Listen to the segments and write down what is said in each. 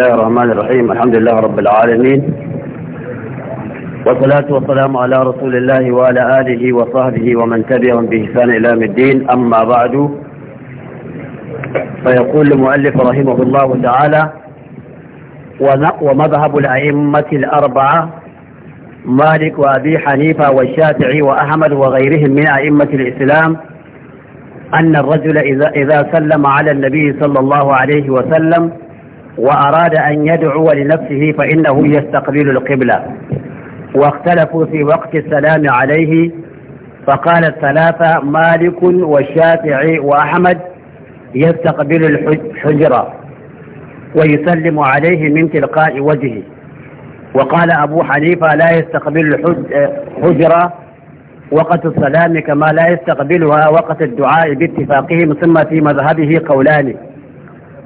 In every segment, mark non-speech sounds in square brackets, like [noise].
الله الرحمن الرحيم الحمد لله رب العالمين والصلاة والسلام على رسول الله وعلى آله وصحبه ومن تبعهم بإحسان إلى الدين أما بعد فيقول المؤلف رحمه الله تعالى ومذهب الأئمة الأربعة مالك وأبي حنيفة والشافعي وأحمد وغيرهم من أئمة الإسلام أن الرجل إذا, إذا سلم على النبي صلى الله عليه وسلم وأراد أن يدعو لنفسه فإنه يستقبل القبلة واختلفوا في وقت السلام عليه فقال الثلاثة مالك والشافعي وأحمد يستقبل الحجرة ويسلم عليه من تلقاء وجهه وقال أبو حنيفة لا يستقبل الحجرة وقت السلام كما لا يستقبلها وقت الدعاء باتفاقهم ثم في مذهبه قولان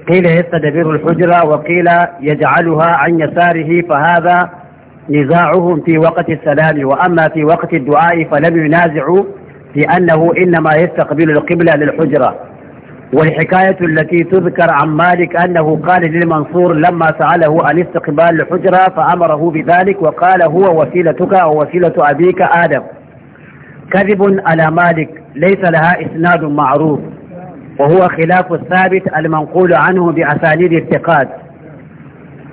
قيل يستدبر الحجرة وقيل يجعلها عن يساره فهذا نزاعهم في وقت السلام وأما في وقت الدعاء فلم ينازعوا لأنه إنما يستقبل القبلة للحجرة والحكاية التي تذكر عن مالك أنه قال للمنصور لما سأله عن استقبال الحجرة فأمره بذلك وقال هو وسيلتك ووسيلة أبيك آدم كذب على مالك ليس لها إسناد معروف وهو خلاف الثابت المنقول عنه بأساليب الثقات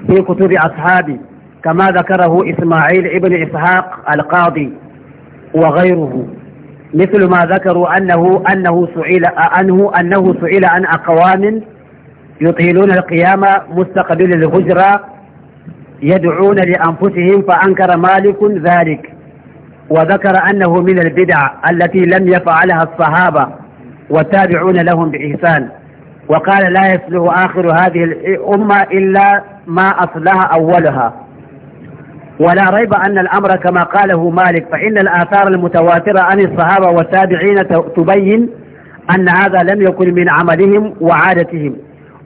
في كتب أصحابي كما ذكره إسماعيل ابن إسحاق القاضي وغيره مثل ما ذكروا أنه أنه سئل أنه أنه سئل عن أقوام يطيلون القيامة مستقبل الهجرة يدعون لأنفسهم فأنكر مالك ذلك وذكر أنه من البدع التي لم يفعلها الصحابة والتابعون لهم بإحسان وقال لا يصلح آخر هذه الأمة إلا ما أصلها أولها ولا ريب أن الأمر كما قاله مالك فإن الآثار المتواترة عن الصحابة والتابعين تبين أن هذا لم يكن من عملهم وعادتهم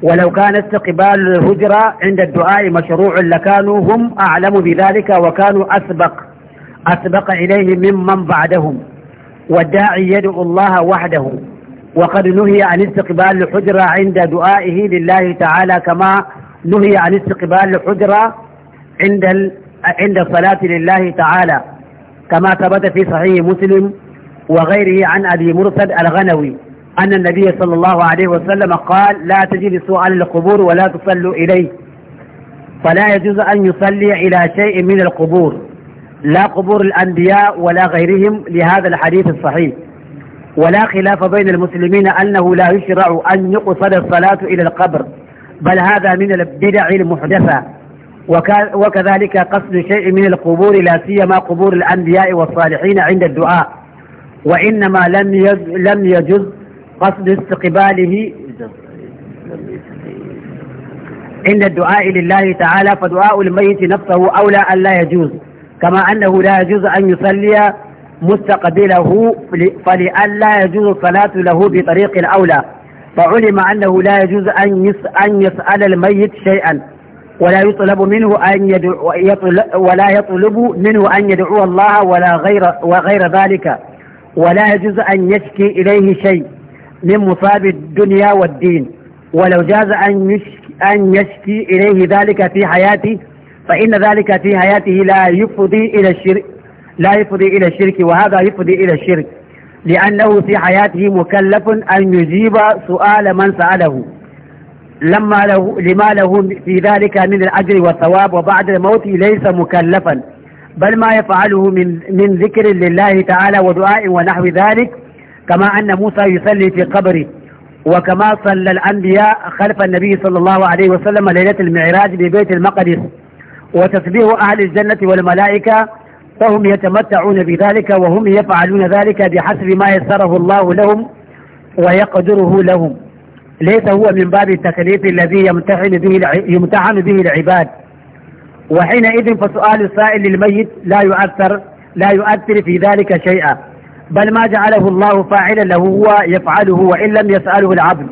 ولو كان استقبال الهجرة عند الدعاء مشروع لكانوا هم أعلم بذلك وكانوا أسبق أسبق إليه ممن بعدهم والداعي يدعو الله وحده وقد نهي عن استقبال الحجرة عند دعائه لله تعالى كما نهي عن استقبال الحجرة عند عند الصلاة لله تعالى كما ثبت في صحيح مسلم وغيره عن أبي مرسد الغنوي أن النبي صلى الله عليه وسلم قال لا تجلسوا على القبور ولا تصلوا إليه فلا يجوز أن يصلي إلى شيء من القبور لا قبور الأنبياء ولا غيرهم لهذا الحديث الصحيح ولا خلاف بين المسلمين أنه لا يشرع أن يقصد الصلاة إلى القبر بل هذا من البدع المحدثة وكذلك قصد شيء من القبور لا سيما قبور الأنبياء والصالحين عند الدعاء وإنما لم لم يجز قصد استقباله عند الدعاء لله تعالى فدعاء الميت نفسه أولى أن لا يجوز كما أنه لا يجوز أن يصلي مستقبله فلئلا يجوز الصلاة له بطريق الأولى فعلم أنه لا يجوز أن أن يسأل الميت شيئا ولا يطلب منه أن يدعو ولا يطلب منه أن يدعو الله ولا غير وغير ذلك ولا يجوز أن يشكي إليه شيء من مصاب الدنيا والدين ولو جاز أن يشكي, أن يشكي إليه ذلك في حياته فإن ذلك في حياته لا يفضي إلى الشرك لا يفضي إلى الشرك وهذا يفضي إلى الشرك لأنه في حياته مكلف أن يجيب سؤال من سأله لما له لما له في ذلك من الأجر والثواب وبعد الموت ليس مكلفا بل ما يفعله من من ذكر لله تعالى ودعاء ونحو ذلك كما أن موسى يصلي في قبره وكما صلى الأنبياء خلف النبي صلى الله عليه وسلم ليلة المعراج ببيت المقدس وتسبيح أهل الجنة والملائكة فهم يتمتعون بذلك وهم يفعلون ذلك بحسب ما يسره الله لهم ويقدره لهم ليس هو من باب التكليف الذي يمتحن به يمتحن به العباد وحينئذ فسؤال السائل للميت لا يؤثر لا يؤثر في ذلك شيئا بل ما جعله الله فاعلا له هو يفعله وإن لم يسأله العبد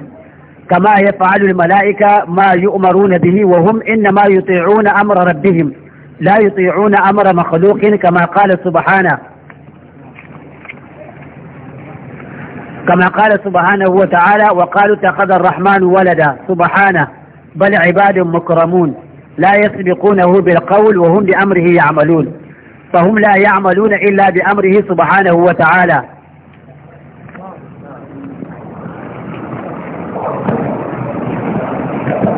كما يفعل الملائكة ما يؤمرون به وهم إنما يطيعون أمر ربهم لا يطيعون أمر مخلوق كما قال سبحانه كما قال سبحانه وتعالى وقالوا اتخذ الرحمن ولدا سبحانه بل عباد مكرمون لا يسبقونه بالقول وهم بأمره يعملون فهم لا يعملون إلا بأمره سبحانه وتعالى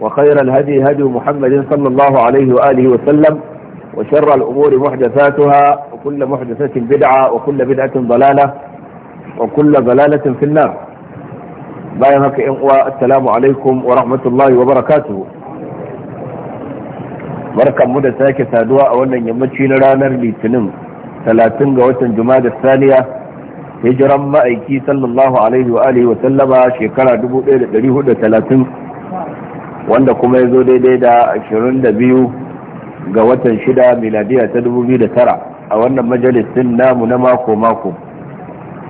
وخير الهدي هدي محمد صلى الله عليه وآله وسلم وشر الأمور محدثاتها وكل محدثة بدعة وكل بدعة ضلالة وكل ضلالة في النار bayan haka yan uwa assalamu alaikum wa rahmatullahi wa barakatuhu barkanmu da sake saduwa a wannan yammaci na ranar litinin talatin ga watan da saniya hijiran ma'aiki sallallahu alaihi wa alihi wa sallama shekara 1430 wanda kuma ya zo daidai da 22 ga watan 6 miladiya ta 2009 a wannan majalisin namu na mako-mako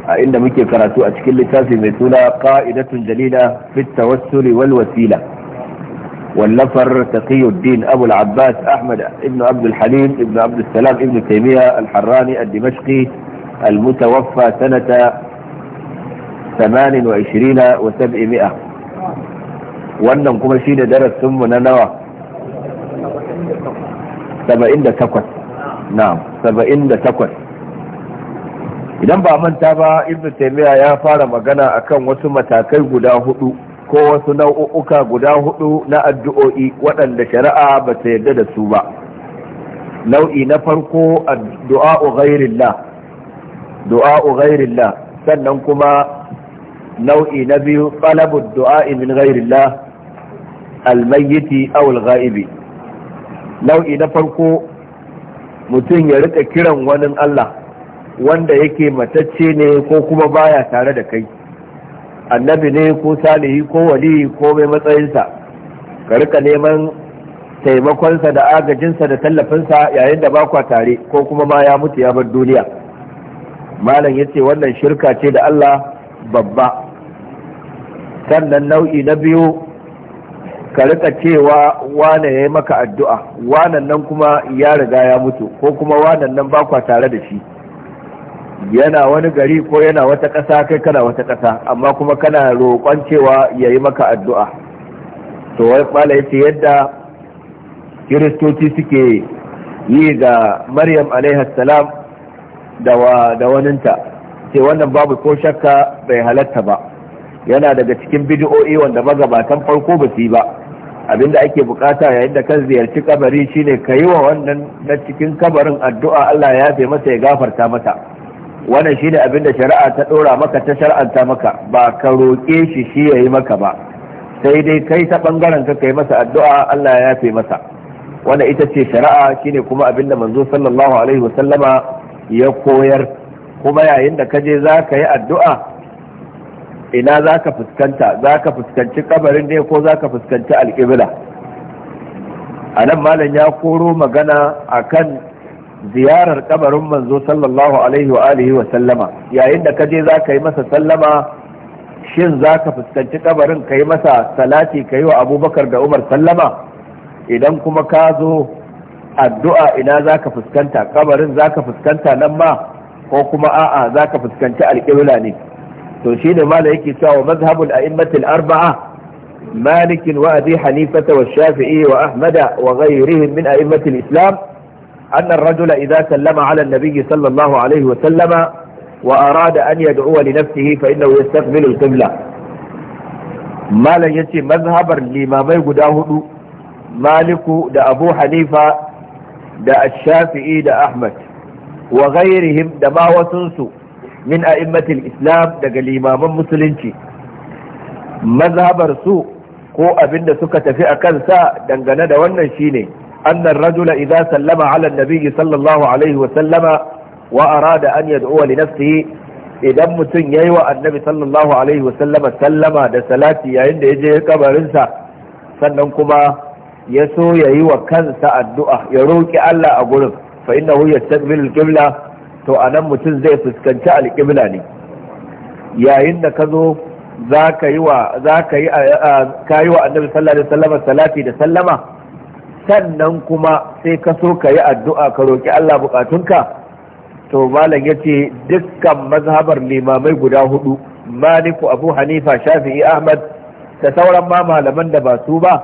a inda muke karatu a cikin littafi mai suna ka'idatun jalila fit tawassuli wal wasila wallafar taqiyuddin abu al-abbas ahmad ibn abd al-halim ibn abd salam ibn taymiya al-harrani al-dimashqi al-mutawaffa sanata 28 و700 wannan kuma shi ne darasinmu na nawa saba'in da takwas idan ba manta ba ibn taimiyya ya fara magana akan wasu matakai guda hudu ko wasu nau'uka guda hudu na addu'o'i waɗanda shari'a ba ta yarda da su ba nau'i na farko addu'a'u ghairillah du'a'u ghairillah sannan kuma nau'i na biyu talabud du'a min ghairillah almayyiti aw alghaibi nau'i na farko mutum ya rika kiran wani Allah wanda yake matacce ne ko kuma baya tare da kai annabi ne ko salihi ko wali ko mai matsayinsa ka rika neman taimakonsa da agajinsa da tallafinsa yayin da bakwa tare ko kuma ma ya mutu ya bar duniya malam ya ce wannan shirka ce da Allah babba sannan nau'i na biyu ka rika cewa wane ya yi maka addu'a wanan nan kuma ya riga ya mutu ko kuma wanan nan bakwa tare da shi yana wani gari ko yana wata ƙasa kai kana wata ƙasa amma kuma kana roƙon cewa ya yi maka addu'a to wai kwala ya ce yadda kiristoci suke yi ga maryam salam da waninta ce wannan babu ko shakka bai halatta ba yana daga cikin bidi'o'i wanda magabatan farko ba su yi ba abinda ake bukata yayin da ka ziyarci kabari shine ka yi wa wannan na cikin kabarin addu'a Allah ya yafe masa ya gafarta masa wannan shine abinda shari'a ta dora maka ta shar'anta maka ba ka roƙe shi shi yayi maka ba sai dai kai ta bangaren ka kai masa addu'a Allah ya yafe masa wannan ita ce shari'a shine kuma abinda manzo sallallahu alaihi wasallama ya koyar kuma yayin da ka je za ka yi addu'a ina za ka fuskanta za ka fuskanci kabarin ne ko za ka fuskanci alƙibla a nan malam ya koro magana a kan ziyarar kabarin manzo sallallahu alaihi wa alihi wa sallama yayin da ka je za ka yi masa sallama shin za ka fuskanci kabarin ka yi masa salati ka yi wa abubakar da umar sallama idan kuma ka zo addu'a ina za ka fuskanta kabarin za ka fuskanta nan ma ko kuma a'a za ka fuskanci alƙibla ne to shine mala yake cewa mazhabul a'immatil arba'a مالك وأبي حنيفة والشافعي وأحمد وغيرهم من أئمة الإسلام أن الرجل إذا سلم على النبي صلى الله عليه وسلم وأراد أن يدعو لنفسه فإنه يستقبل القبلة ما لا يتي مذهبا لإمامي قداهد مالك دا أبو حنيفة دا الشافعي دا أحمد وغيرهم دا ما وسنسو min a'immatil islam daga limaman musulunci mazhabar su ko abin da suka tafi a kan sa dangane da wannan shine annan rajula idza sallama ala nabiyyi sallallahu alaihi wa sallama wa arada an yad'uwa li nafsihi idan mutum yayi wa annabi wa sallama sallama da salati yayin da ya je kabarinsa sannan kuma ya so ya yi wa kansa addu'a ya roƙi Allah a gurin fa innahu yastaqbilu al-qibla to a nan mutum zai fuskanci alƙibla ne yayin da ka zo za ka yi wa annabi sallallahu alaihi wasallam salati da sallama sannan kuma sai ka so ka yi addu'a ka roƙi Allah buƙatunka to malam ya ce dukkan mazhabar limamai guda hudu maliku abu hanifa shafi'i ahmad da sauran ma malaman da ba su ba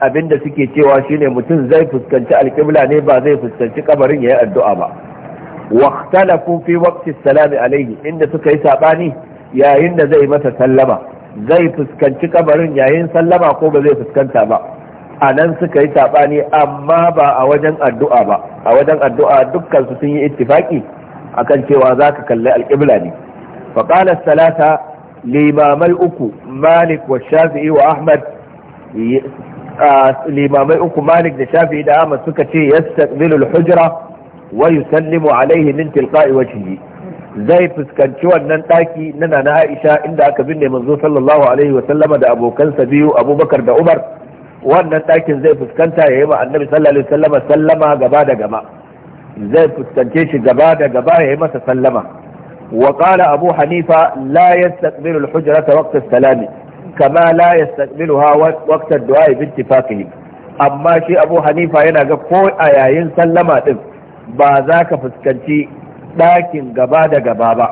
abinda suke cewa shine mutum zai fuskanci alƙibla ne ba zai fuskanci kabarin ya yi addu'a ba واختلفوا في وقت السلام عليه yi سكي ساباني يا إن زي متى سلم زي فسكنت كبر يا إن سلم أقوم زي فسكنت با anan suka yi saɓani amma ba a wajen addu'a ba a wajen addu'a dukkan sun yi ittifaki akan cewa za ka kalli alƙibla ne faƙalar salata limamai uku malik da shafi'i da ahmad suka ce yastaqbilu hujra wa yusallimu alaihi min tilqa'i wajhihi zai fuskanci wannan daki na nana Aisha inda aka binne manzo sallallahu alaihi wa sallama da abokansa biyu Abubakar da Umar wannan dakin zai fuskanta yayi ma annabi sallallahu alaihi wasallama sallama gaba da gaba zai fuskance shi gaba da gaba yayi masa sallama wa qala Abu Hanifa la yastaqbilu al-hujrata waqta as-salami kama la yastaqbiluha waqta ad-du'a bi amma shi Abu Hanifa yana ga ko a yayin sallama ɗin. ba za ka fuskanci ɗakin gaba da gaba ba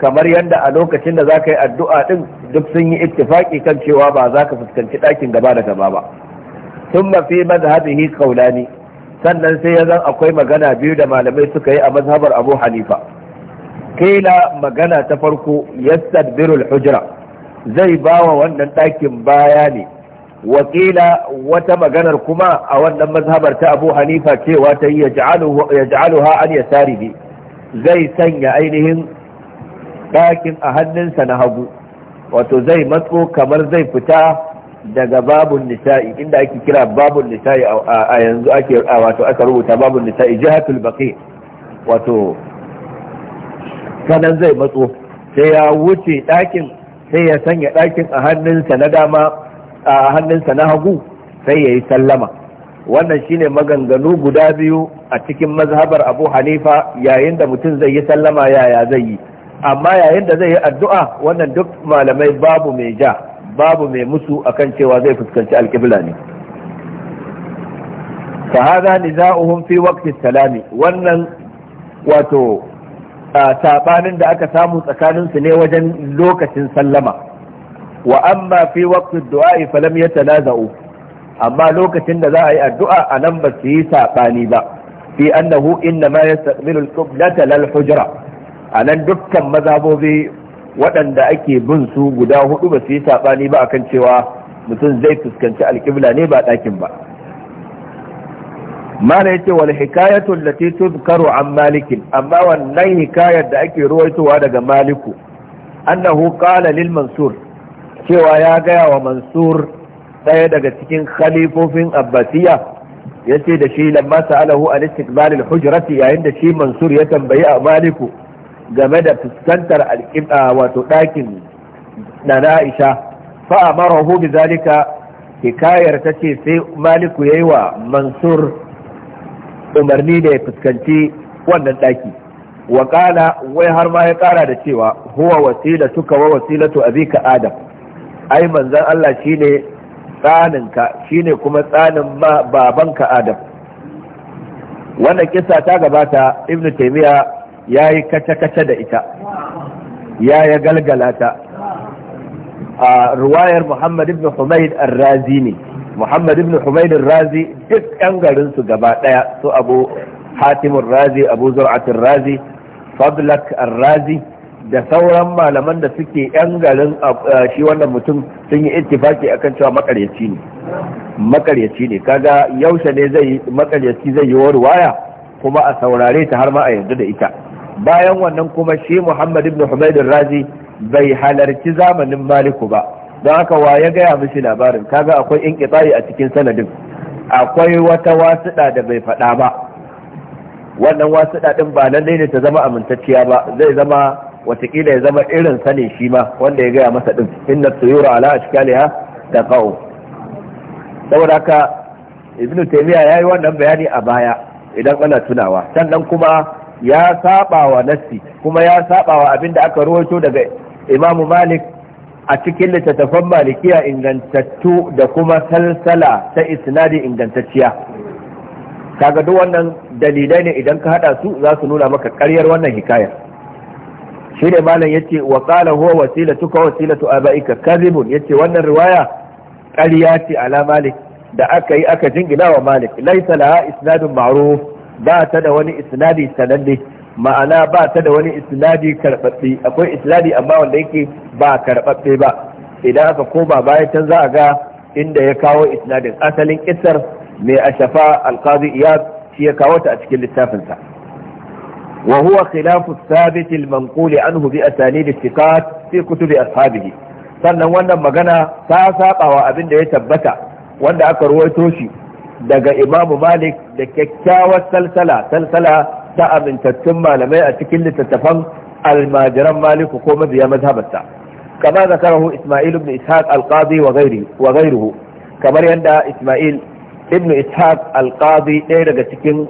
kamar yadda a lokacin da za ka yi addu'a ɗin duk sun yi ittifaki kan cewa ba za ka fuskanci ɗakin gaba da gaba ba sun mafi mazhabihi kaulani sannan sai ya zan akwai magana biyu da malamai suka yi a mazhabar abu hanifa kila magana ta farko yastadbirul hujra zai bawa wannan ɗakin baya ne wakila wata maganar kuma a wannan mazhabar ta abu hanifa cewa ta yi yaj'aluha an yasarihi zai sanya ainihin ɗakin a hannunsa na hagu wato zai matso kamar zai fita daga babun nisa'i inda ake kira babun nisa'i a yanzu ake wato aka rubuta babun nisa'i jihatul baqi wato kanan zai matso sai ya wuce ɗakin sai ya sanya ɗakin a hannunsa na dama a hannunsa na hagu sai ya yi sallama wannan shine maganganu guda biyu a cikin mazhabar abu hanifa yayin da mutum zai yi sallama yaya zai yi amma yayin da zai yi addu'a wannan duk malamai babu mai ja babu mai musu akan cewa zai fuskanci alƙibla ne فهذا نزاؤهم fi waqti salami wannan wato sabanin da aka samu tsakanin su ne wajen lokacin sallama wa ma fi waqti du'a fa lam yatanaza'u amma lokacin da za a yi addu'a a nan ba su yi saɓani ba fi annahu inna ma yastaqbilu al-qiblata lal hujra anan dukkan mazabobi waɗanda ake bin su guda hudu ba su yi saɓani ba akan cewa mutum zai fuskanci alƙibla ne ba ɗakin ba mana yace wal hikayatu allati tudkaru an malikin amma wannan hikayar da ake ruwaitowa daga maliku annahu qala lil mansur cewa ya gaya wa mansur ɗaya daga cikin khalifofin abbasiya ya ce da shi lamma sa'alahu Ali istiqbalil hujrati yayin da shi mansur ya tambayi a maliku game da fuskantar alƙibla wato ɗakin na na'isha fa amarahu bi zalika hikayar ta ce sai maliku ya yi wa mansur umarni da ya fuskanci wannan ɗaki wa wai har ma ya ƙara da cewa huwa Wasila suka wa wasilatu abika adam ai manzan Allah shine tsaninka shine kuma tsanin babanka adam wannan kisa ta gabata ibnu ya yi kace-kace da ita ya ya galgala ta a ruwayar muhammad ibn humaid arrazi ne muhammad ibn humaid ar duk yan garinsu su gaba daya su abu Hatimun razi abu zur'atun razi fadlak arrazi da sauran malaman da suke yan garin shi wannan mutum sun yi ittifaki akan cewa makaryaci ne makaryaci ne kaga yaushe ne zai makaryaci zai yi waya kuma a saurare ta har ma a yanzu da ita bayan wannan kuma shi Muhammad ibn Humayd razi bai halarci zamanin Maliku ba don haka wa ya gaya mishi labarin kaga akwai inqita'i a cikin sanadin akwai wata wasuɗa da bai faɗa ba wannan wasuɗa ɗin ba lallai ne ta zama amintacciya ba zai zama watakila ya zama irin sani shi ma wanda ya gaya masa din inna tuyura ala ashkaliha taqau saboda haka ibnu taymiya yayi wannan bayani a baya idan ana tunawa sannan kuma ya saba wa nassi kuma ya saba wa abinda aka rawaito daga imamu malik a cikin littattafan malikiya ingantattu da kuma salsala ta isnadi ingantacciya kaga duk wannan dalilai ne idan ka hada su za su nuna maka karyar wannan hikayar shi ne malam yace wa qala huwa wasilatu ka wasilatu abaika ya ce wannan riwaya ƙarya ce ala malik da aka yi aka jingina wa malik laisa laha isnadun ma'ruf ba ta da wani isnadi sananne ma'ana ba ta da wani isnadi karɓaɓɓe akwai isnadi amma wanda yake ba karɓaɓɓe ba idan aka koma bayan can za a ga inda ya kawo isnadin asalin kisar mai ashafa alqazi iyad shi ya kawo ta a cikin littafinsa wahuwa huwa khilafu thabit al-manqul anhu bi asanid al-thiqat fi kutub ashabihi sannan wannan magana ta saba wa abin da ya tabbata wanda aka ruwaito shi daga Imam Malik da kyakkyawar salsala salsala ta amintattun malamai a cikin littattafan almajiran maliku ko mabiya mazhabarsa kama rahu Isma'il ibn Ishaq al-Qadi wa ghairi kamar yadda Isma'il ibnu Ishaq al-Qadi ɗaya daga cikin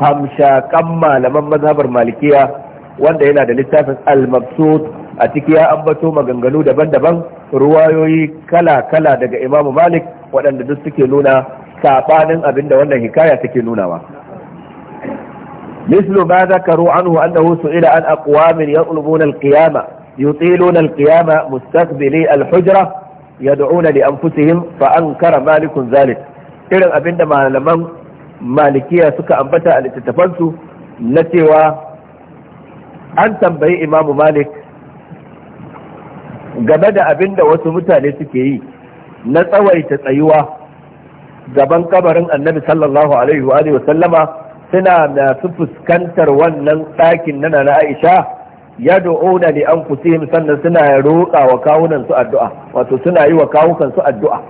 hamshakan malaman mazhabar malikiya wanda yana da littafin al-mabsut a cikiya an ambato maganganu daban-daban ruwayoyi kala-kala daga imamu malik waɗanda duk suke nuna saɓanin abinda wannan hikaya take nunawa mislu ma zakaru anhu annahu su'ila an aqwamin yatlubuna al-qiyama yutiluna al-qiyama mustaqbili al-hujra yad'una li anfusihim fa ankara malikun zalik irin abinda malaman malikiya suka ambata a littattafansu na cewa an tambayi imamu malik game da abin da wasu mutane suke yi na tsawaita tsayuwa gaban kabarin annabi sallallahu alaihi wa sallama suna masu fuskantar wannan ɗakin nana aisha ya do'una ne an sannan suna roƙa wa kawunansu addu'a wato suna yi wa su addu'a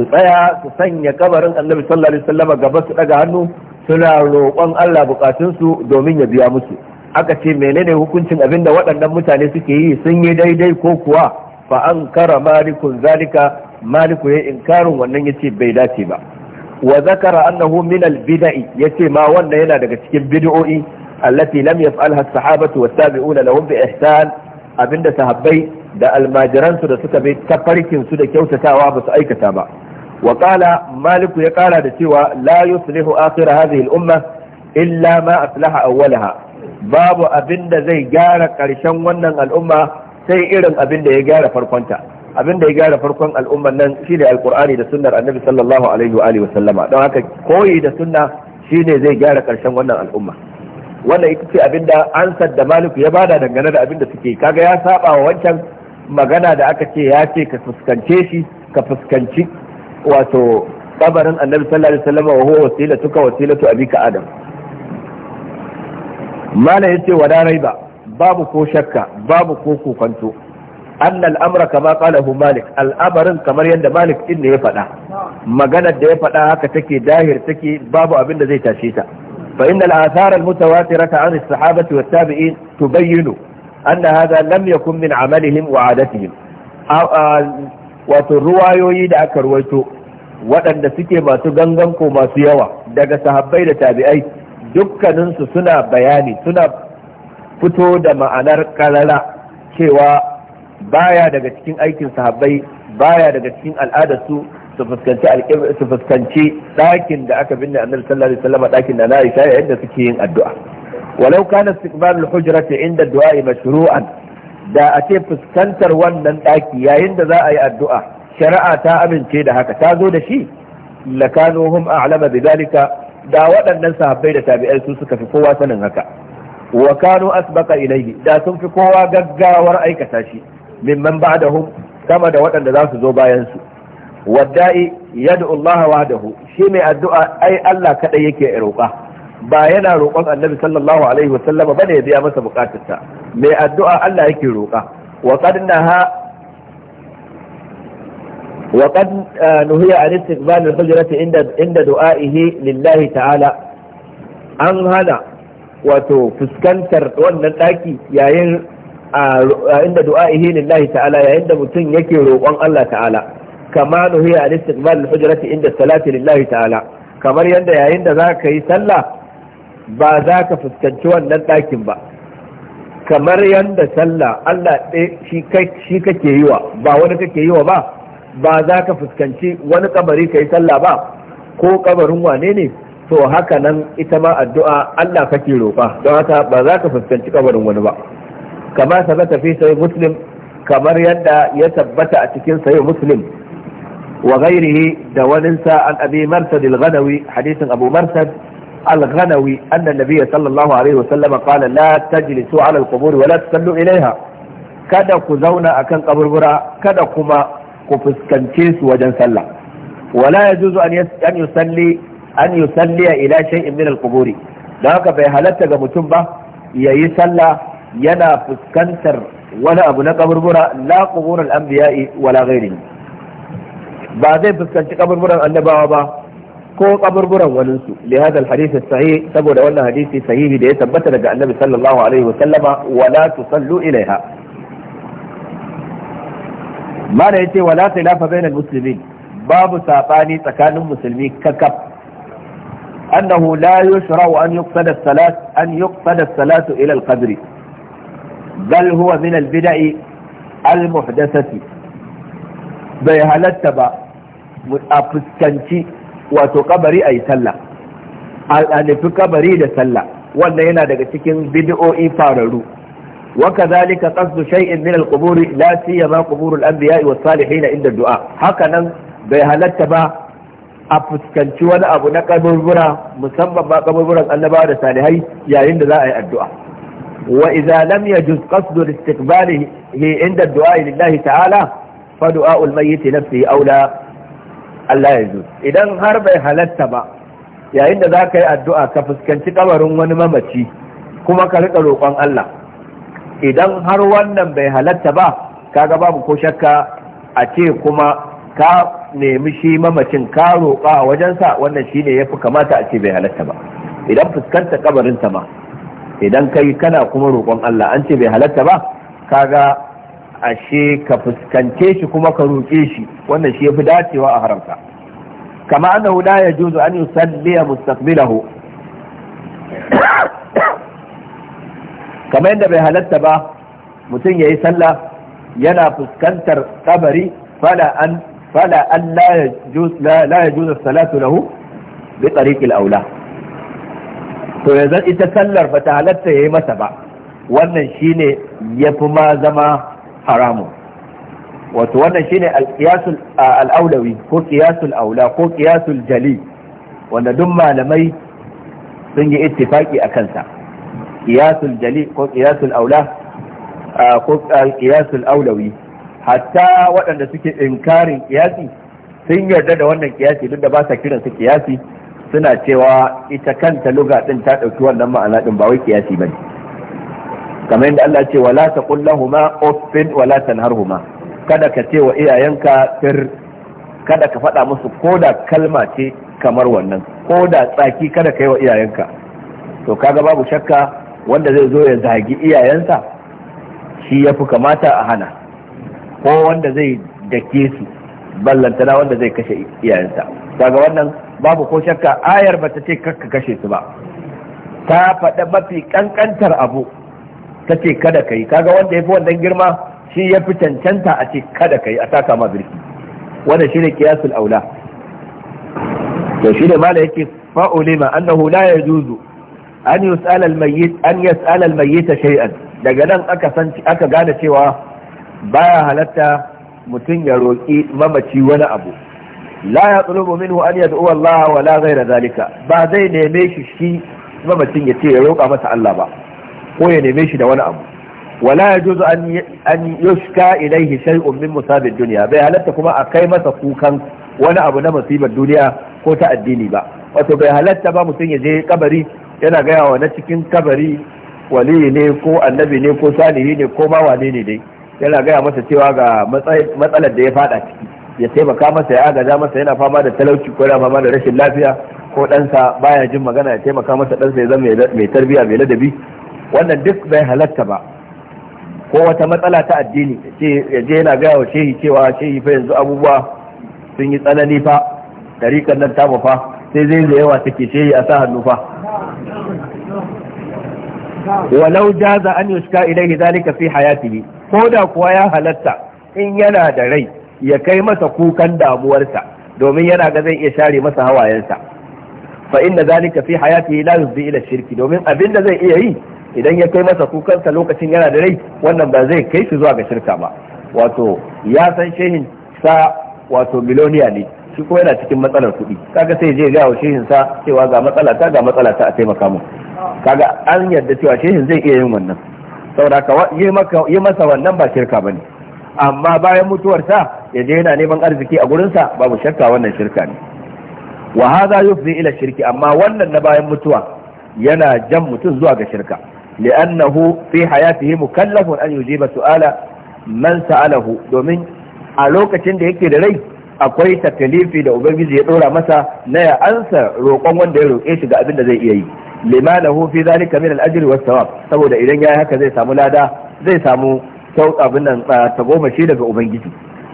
su tsaya su sanya kabarin annabi sallallahu alaihi wasallam gaba su daga hannu suna roƙon Allah bukatunsu domin ya biya musu aka ce menene hukuncin abin da waɗannan mutane suke yi sun yi daidai ko kuwa fa an kara malikun zalika maliku ya inkarin wannan yace bai dace ba wa zakara annahu min al bid'i yace ma wannan yana daga cikin bid'o'i allati lam yaf'alha as-sahabatu was-sabi'una lahum bi ihsan abinda sahabbai da almajiransu da suka bi tafarkin su da kyautatawa ba su aikata ba wa Maliku ya kara da cewa la yuslihu akhir hadhihi al-umma illa ma aslaha awwalaha babu abinda zai gyara karshen wannan al'umma sai irin abin da ya gyara farkonta abin da ya gyara farkon al'umman nan shine alqur'ani da sunnar annabi sallallahu don haka koyi da sunna shine zai gyara karshen wannan al'umma wannan ita ce da ansar da maliku ya bada dangane da da suke kaga ya saba wa wancan magana da aka ce ya ce ka fuskance shi ka fuskanci wato kabarin annabi sallallahu alaihi wasallam wa huwa wasilatuka wasilatu abika adam mala yace rai ba, babu ko shakka babu ko kokanto anna amra kama qalahu malik al'amarin kamar yadda malik din ne ya faɗa maganar da ya faɗa haka take dahir take babu abin da zai tashe ta fa inna al'athar al-mutawatirata an as-sahabati wat-tabi'in tubayyinu anna hadha lam yakun min amalihim wa adatihim wato ruwayoyi da aka ruwaito waɗanda suke masu gangan ko masu yawa daga sahabbai da tabi'ai dukkaninsu suna bayani suna fito da ma'anar karara cewa baya daga cikin aikin sahabbai baya daga cikin al'adarsu su fuskanci ɗakin da aka binne annabi sallallahu alaihi wasallam ɗakin da na yayin da suke yin addu'a walau kana istiqbalul hujrati inda du'a mashru'an da a ce fuskantar wannan ɗaki yayin da za a yi addu'a shari'a ta amince da haka ta zo da shi lakano hum a'lama bidalika da waɗannan sahabbai da tabi'ai su suka fi kowa sanin haka wa kanu asbaqa ilayhi da sun fi kowa gaggawar aikata shi mimman ba'dahum sama da waɗanda za su zo bayan su wadda'i yad'u Allah wahdahu shi mai addu'a ai Allah kadai yake roƙa ba yana roƙon annabi sallallahu alaihi wasallama bane ya biya masa bukatarsa mai addu'a Allah yake roƙa wa qad naha wa qad eh, nuhiya an istiqbal al-hujrati inda inda du'a'ihi lillahi ta'ala an hana wato fuskantar wannan daki yayin inda du'a'ihi lillahi ta'ala yayin da mutum yake roƙon Allah ta'ala kama nuhiya an istiqbal al-hujrati inda salati lillahi ta'ala kamar yadda yayin da za ka yi sallah ba za ka fuskanci wannan ɗakin ba kamar yadda sallah Allah shi kake yi wa ba wani kake yi wa ba ba za ka fuskanci wani kabari ka yi sallah ba ko kabarin wane ne to haka nan ita ma addu'a Allah kake roƙa don haka ba za ka fuskanci kabarin wani ba Kamar sabata fi sai muslim kamar yadda ya tabbata a cikin sai muslim wa da waninsa an abi marsad al-ghanawi hadisin abu marsad الغنوي أن النبي صلى الله عليه وسلم قال لا تجلسوا على القبور ولا تصلوا إليها kada ku zauna a kan kaburbura kada kuma ku fuskance su wajen sallah wala yajuzu an an yusalli an yusalli ila shay'in min al-qubur dan haka bai halatta ga mutum ba yayi sallah yana fuskantar wani abu na kaburbura la qubur anbiyai wala ghairihi ba zai fuskanci kaburburan annabawa ba ko kaburburan wani su li hadal hadisi sahih saboda wannan hadisi sahihi da ya tabbata daga annabi sallallahu alaihi wa sallama wala tusallu ilaiha mana yace wala khilafa bainal muslimin babu sabani tsakanin musulmi kakaf annahu la yushra'u an yuqsada as-salat an yuqsada as-salatu ila al-qabr bal huwa min al-bida'i al-muhdathati bai halatta ba a fuskanci wato kabari a yi sallah a nufi kabari da sallah wannan yana daga cikin bid'o'i fararu wa kadhalika qasdu shay'in min al-qubur la siyama qubur al-anbiya wa salihin inda du'a haka nan bai halatta ba a fuskanci wani abu na kaburbura musamman ba kaburburan annabawa da salihai yayin da za a yi addu'a wa idza lam yajuz qasdu istiqbalihi inda du'a lillahi ta'ala fa du'a al-mayyit nafsihi aula Allah ya zo idan har bai halatta ba yayin da za ka yi addu'a ka fuskanci kabarin wani mamaci kuma ka riƙa roƙon Allah idan har wannan bai halatta ba ka ga babu ko shakka a ce kuma ka nemi shi mamacin ka roƙa a wajensa wannan shi ne ya fi kamata a ce bai halatta ba idan fuskanta ta ma idan kai kana kuma roƙon Allah an ce bai halatta ba kaga ashe ka fuskance shi kuma ka roƙe shi wannan shi yafi dacewa a haramta kama annahu la yajuzu an yusalliya mustaqbilahu kamar yadda bai halatta ba mutum yayi sallah yana fuskantar kabari fala an fala an la yajuz la yajuz salatu lahu bi tariq al aula to yanzu ita sallar ba ta halatta yayi masa ba wannan shine yafi ma zama haramun wato wannan shine al-qiyasul al ko qiyasul aula ko qiyasul jali wanda duk malamai sun yi ittifaki a kansa qiyasul jali ko qiyasul aula ko qiyasul aulawi hatta waɗanda suke inkarin qiyasi sun yarda da wannan qiyasi duk da ba sa kiran su qiyasi suna cewa ita kanta lugha din ta dauki wannan ma'ana din ba wai qiyasi bane kamar yadda Allah ce wala ta kullahuma uffin wala tanharhuma kada ka ce wa iyayenka fir kada ka faɗa musu koda kalma ce kamar wannan koda tsaki kada ka yi wa iyayenka to kaga babu shakka wanda zai zo ya zagi iyayensa shi yafi kamata a hana ko wanda zai dake su ballantana wanda zai kashe iyayensa daga wannan babu ko shakka ayar ba ta ce kakka kashe su ba ta faɗa mafi ƙanƙantar abu ta ce kada kai kaga wanda ya fi wannan girma shi ya fi cancanta a ce kada yi a taka ma birki wannan shi ne kiyasul aula to shi ne mala yake fa'ulima annahu la yajuzu an yus'ala al-mayyit an yas'ala al-mayyit shay'an daga nan aka san aka gane cewa baya halatta mutum ya roki mamaci wani abu la yatlubu minhu an yad'u Allah wa la ghayra zalika ba zai neme shi shi mamacin ya ce ya roƙa masa Allah ba ko ya neme shi da wani abu wala yajuzu an an yushka ilayhi shay'un min musabid dunya bai halatta kuma a kai masa kukan wani abu na musibar duniya ko ta addini ba wato bai halatta ba mutum ya je kabari yana gaya wa na cikin kabari waliyi ne ko annabi ne ko salihi ne ko ma wane ne dai yana gaya masa cewa ga matsalar da ya fada ciki ya taimaka masa ya agaza masa yana fama da talauci ko yana fama da rashin lafiya ko ɗansa baya jin magana ya taimaka masa ɗansa ya zama mai tarbiya mai ladabi wannan duk bai halatta ba ko wata matsala ta addini ya je yana gaya wa shehi cewa shehi fa yanzu abubuwa sun yi tsanani fa tarikan nan ta fa sai zai zo yawa take shehi a sa hannu fa walau jaza an yushka ilaihi zalika fi hayatihi ko da kuwa ya halatta in yana da rai ya kai masa kukan damuwarsa domin yana ga zai iya share masa hawayensa fa inna zalika fi hayatihi la yuzbi ila shirki domin abinda zai iya yi idan ya kai masa kukansa lokacin yana da rai wannan ba zai kai shi zuwa ga shirka ba wato ya san shehin sa wato miloniya ne shi kuma yana cikin matsalar kuɗi kaga sai je ga shehin sa cewa ga matsala ta ga matsala ta a taimaka mu kaga an yarda cewa shehin zai iya yin wannan saboda ka yi masa wannan ba shirka bane amma bayan mutuwar sa ya je yana neman arziki a sa babu shakka wannan shirka ne wa hadha yufzi ila shirki amma wannan na bayan mutuwa yana jan mutum zuwa ga shirka li'annahu fi hayatihi mukallafun an yujiba su'ala man sa'alahu domin a lokacin da yake da rai akwai takalifi da ubangiji ya dora masa na ya ansa roƙon wanda ya roƙe shi ga abin da zai iya yi lima lahu fi zalika min al-ajri was saboda idan ya yi haka zai samu lada zai samu sau abin nan ta goma shi daga ubangiji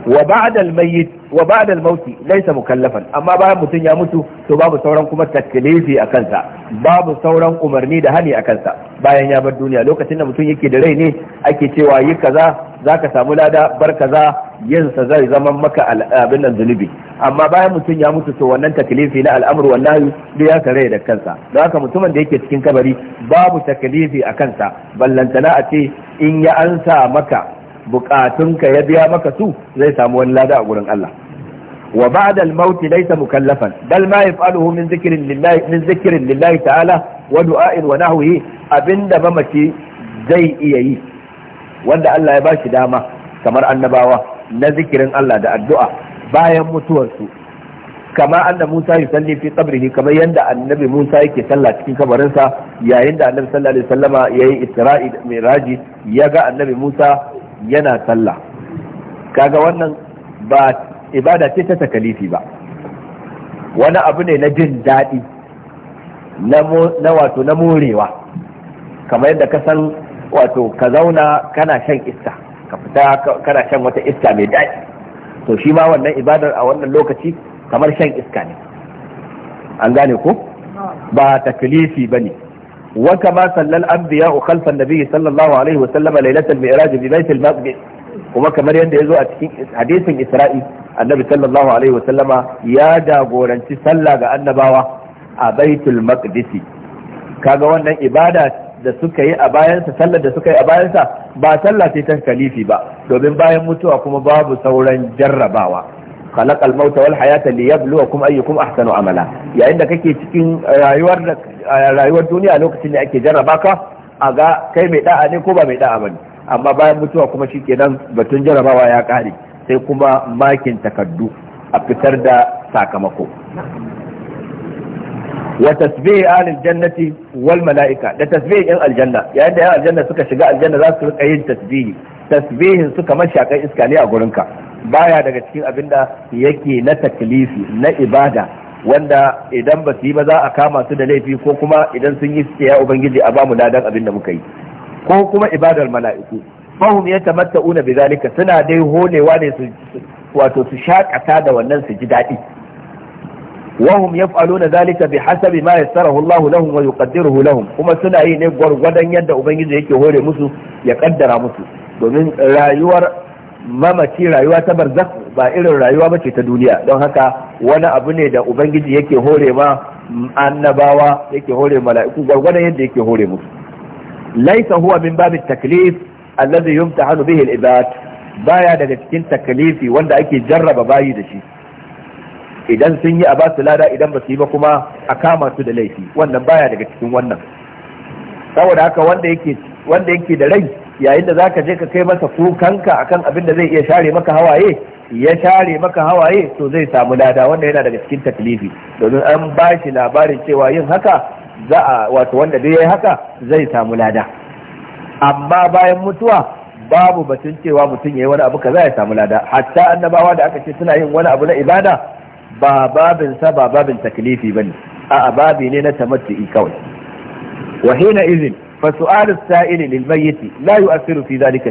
wa ba'da al-mayyit wa ba'da amma bayan mutum ya mutu to babu sauran kuma taklifi a kansa babu sauran umarni da hani a kansa bayan ya bar duniya lokacin da mutun yake da rai ne ake cewa yi kaza zaka samu lada bar kaza yin zai zama maka abin nan zunubi amma bayan mutun ya mutu to wannan taklifi na al'amur wallahi duk ya kare da kansa don haka mutumin da yake cikin kabari babu taklifi a kansa ban lantana a ce in ya ansa maka bukatunka ya biya maka su zai samu wani lada a gurin Allah wa ba'da al-maut laysa mukallafan bal ma yaf'aluhu min dhikrin lillahi min dhikrin lillahi ta'ala wa du'a'in wa nahwihi abinda mace zai iya yi wanda Allah ya bashi dama kamar annabawa na zikirin Allah da addu'a bayan mutuwarsu kama anna Musa yusalli fi qabrihi kamar yanda annabi Musa yake sallah cikin kabarinsa yayin da annabi sallallahu alaihi wasallama yayi Isra'i Miraji ya ga annabi Musa yana sallah kaga wannan ba ibada ce ta takalifi ba wani abu ne na jin daɗi na wato na morewa kamar yadda ka san wato ka zauna kana shan iska ka fita kana shan wata iska mai daɗi to shi ma wannan ibadar a wannan lokaci kamar shan iska ne an gane ko ba takalifi ba ne وكما صلى الأنبياء خلف النبي صلى الله عليه وسلم ليلة المعراج ببيت المقدس kuma kamar yadda ya zo a cikin hadisin isra'i annabi sallallahu alaihi wasallama ya jagoranci salla ga annabawa a baitul maqdisi kaga wannan ibada da suka yi a bayansa sallar da suka yi a bayansa ba sallah ta kalifi ba domin bayan mutuwa kuma babu sauran jarrabawa khalaqal mauta wal hayata liyabluwakum ayyukum ahsanu amala yayin da kake cikin rayuwar rayuwar duniya lokacin da ake jarrabaka ka a ga kai mai da'a ne ko ba mai da'a ne amma bayan mutuwa kuma shikenan batun jarrabawa ya kare sai kuma makin takaddu a fitar da sakamako wa tasbih ahlil jannati wal malaika da tasbih yan aljanna yayin da yan aljanna suka shiga aljanna za su rika yin tasbihi tasbihin su kamar shakan iska ne a gurinka baya daga cikin abin da yake na taklifi na ibada wanda idan ba su yi ba za a kama su da laifi ko kuma idan sun yi suke ya ubangiji a bamu ladan abin da muka yi ko kuma ibadar mala'iku fahum ya tamatta'una bi zalika suna dai holewa ne su wato su shakata da wannan su ji daɗi wahum yaf'aluna zalika bi hasabi ma yassarahu Allah lahum wa yuqaddiruhu lahum kuma suna yi ne gwargwadon yadda ubangiji yake hore musu ya kaddara musu domin rayuwar mamaci rayuwa ta barzakh ba irin rayuwa bace ta duniya don haka wani abu ne da ubangiji yake hore ma annabawa yake hore mala'iku gwargwadon yadda yake hore musu laisa huwa min babit taklif allazi yumtahanu bihi al-ibad baya daga cikin taklifi wanda ake jarraba bayi da shi idan sun yi a ba su lada idan ba su yi ba kuma a kama su da laifi wannan baya daga cikin wannan saboda haka wanda yake wanda yake da rai yayin da za ka je ka kai masa kukanka akan abin da zai iya share maka hawaye ya share maka hawaye to zai samu lada wanda yana daga cikin taklifi domin an ba shi labarin cewa yin haka za a wato wanda dai yi haka zai samu lada amma bayan mutuwa babu batun cewa mutum ya yi wani abu kaza ya samu lada hatta annabawa da aka ce suna yin wani abu na ibada ba babin sa ba babin taklifi bane a babi ne na tamattu'i kawai wa hina izin fa su'alu sa'ili lil mayyit la yu'athiru fi dhalika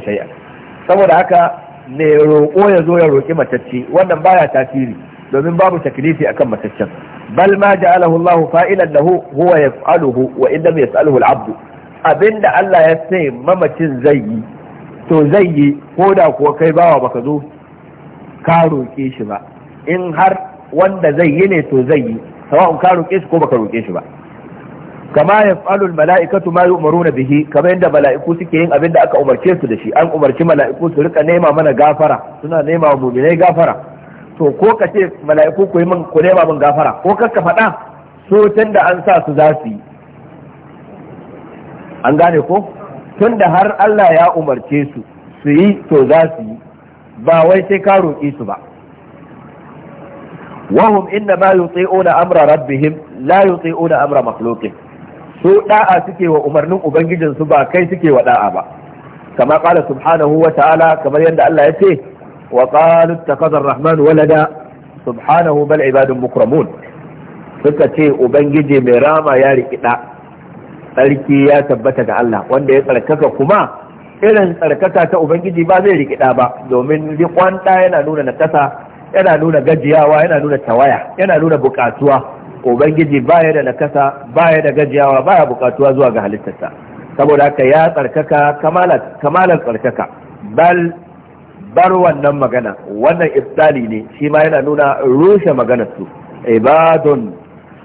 saboda haka ne roƙo ya zo ya roƙi matacce wannan baya tasiri domin babu taklifi akan mataccen bal ma ja'alahu Allah fa'ilan lahu huwa yaf'aluhu wa in lam yas'aluhu al-'abd abinda Allah ya ce mamacin zai yi to zai yi ko da kuwa kai bawa baka zo ka roƙe shi ba in har wanda zai yi ne to zai yi sawa'un ka roƙe shi ko baka roƙe shi ba kama yaf'alul mala'ikatu ma yu'maruna bihi kamar yadda mala'iku suke yin abin da aka umarce su da an umarci mala'iku su rika nema mana gafara suna nema wa gafara to ko ka ce mala'iku ku yi min ku nema min gafara ko ka ka faɗa so da an sa su za su yi an gane ko tun da har Allah ya umarce su su yi to za su yi ba wai sai ka roƙi su ba wahum inna ma yuti'una amra rabbihim la yuti'una amra makhluqin su da'a suke wa umarnin ubangijin su ba kai suke wa da'a ba kama qala subhanahu wa ta'ala kamar yadda Allah ya ce wa qalu ittakhadha rahman walada subhanahu bal ibadun mukramun suka ce ubangiji mai rama ya riki tsarki ya tabbata ga Allah wanda ya tsarkaka kuma irin tsarkaka ta ubangiji ba zai rikida ba domin rikon yana nuna nakasa yana nuna gajiyawa yana nuna tawaya yana nuna bukatuwa ubangiji baya da nakasa baya da gajiyawa baya bukatuwa zuwa ga halittarsa saboda haka ya tsarkaka kamalar tsarkaka bal bar wannan magana wannan iftali ne shi ma yana nuna rushe maganar su ibadun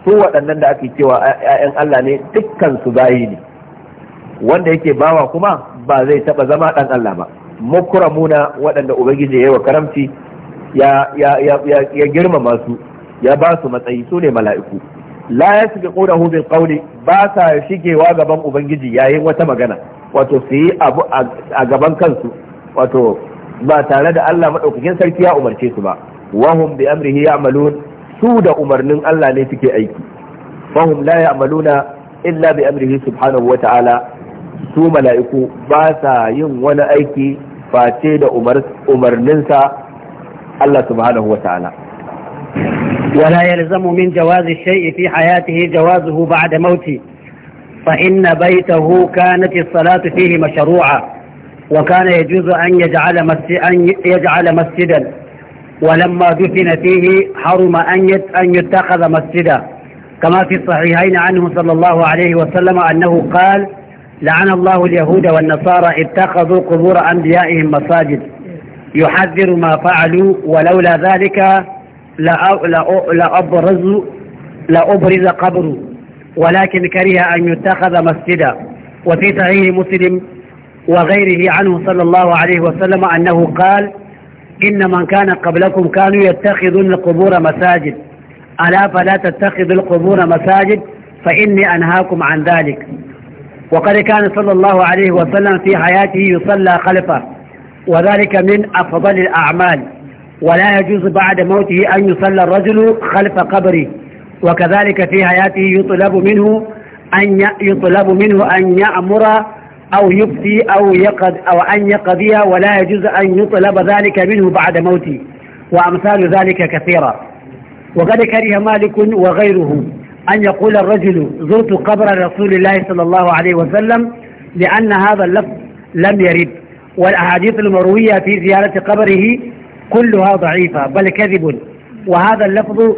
su waɗannan da ake cewa 'ya'yan Allah ne dukkan su bayi ne wanda yake bawa kuma ba zai taɓa zama ɗan Allah ba mukramuna waɗanda ubangiji ya yi wa karamci ya girmama su ya ba su matsayi su ne mala'iku la yasbiqunahu bil qawli ba sa shigewa gaban ubangiji yayin wata magana wato su yi abu a gaban kansu wato ba tare da Allah maɗaukakin sarki ya umarce su ba wahum bi amrihi ya'malun su da umarnin Allah ne suke aiki fahum la ya'maluna illa bi amrihi subhanahu wa ta'ala su mala'iku ba sa yin wani aiki face da umarninsa Allah subhanahu wa ta'ala ولا يلزم من جواز الشيء في حياته جوازه بعد موته فإن بيته كانت الصلاة فيه مشروعة وكان يجوز أن يجعل, مسجد أن يجعل مسجدا ولما دفن فيه حرم أن يتخذ مسجدا كما في الصحيحين عنه صلى الله عليه وسلم أنه قال لعن الله اليهود والنصارى اتخذوا قبور أنبيائهم مساجد يحذر ما فعلوا ولولا ذلك لا لا لأبرز لأبرز قبره ولكن كره أن يتخذ مسجدا وفي صحيح مسلم وغيره عنه صلى الله عليه وسلم أنه قال إن من كان قبلكم كانوا يتخذون القبور مساجد ألا فلا تتخذوا القبور مساجد فإني أنهاكم عن ذلك وقد كان صلى الله عليه وسلم في حياته يصلى خلفه وذلك من أفضل الأعمال ولا يجوز بعد موته أن يصلى الرجل خلف قبره وكذلك في حياته يطلب منه أن يطلب منه أن يأمر أو يفتي أو يقد أو أن يقضي ولا يجوز أن يطلب ذلك منه بعد موته وأمثال ذلك كثيرة وقد كره مالك وغيره أن يقول الرجل زرت قبر رسول الله صلى الله عليه وسلم لأن هذا اللفظ لم يرد والأحاديث المروية في زيارة قبره كلها ضعيفة بل كذب وهذا اللفظ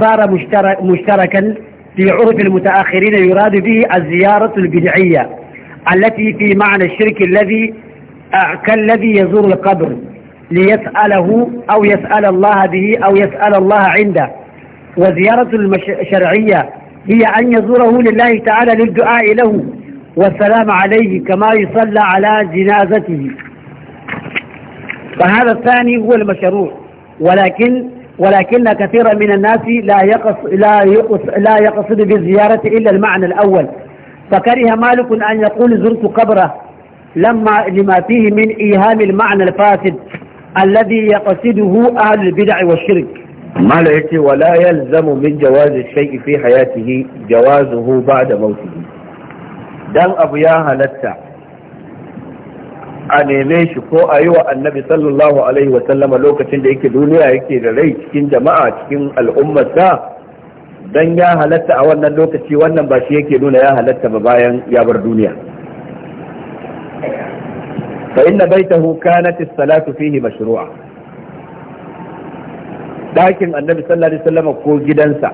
صار مشترك مشتركا في عرف المتأخرين يراد به الزيارة البدعية التي في معنى الشرك الذي آه، كالذي يزور القبر ليسأله أو يسأل الله به أو يسأل الله عنده وزيارة الشرعية هي أن يزوره لله تعالى للدعاء له والسلام عليه كما يصلى على جنازته فهذا الثاني هو المشروع ولكن ولكن كثيرا من الناس لا يقص لا يقص لا يقصد بالزيارة إلا المعنى الأول فكره مالك أن يقول زرت قبره لما لما فيه من إيهام المعنى الفاسد الذي يقصده أهل البدع والشرك مالك ولا يلزم من جواز الشيء في حياته جوازه بعد موته دم أبو يا هلتا a neme shi ko a yi wa annabi sallallahu alaihi wa sallama lokacin da yake duniya yake da rai cikin jama'a cikin al'ummarsa dan ya halatta a wannan lokaci wannan ba shi yake nuna ya halatta ba bayan ya bar duniya fa inna baitahu kanat as-salatu fihi mashru'a dakin annabi sallallahu alaihi wa sallama ko gidansa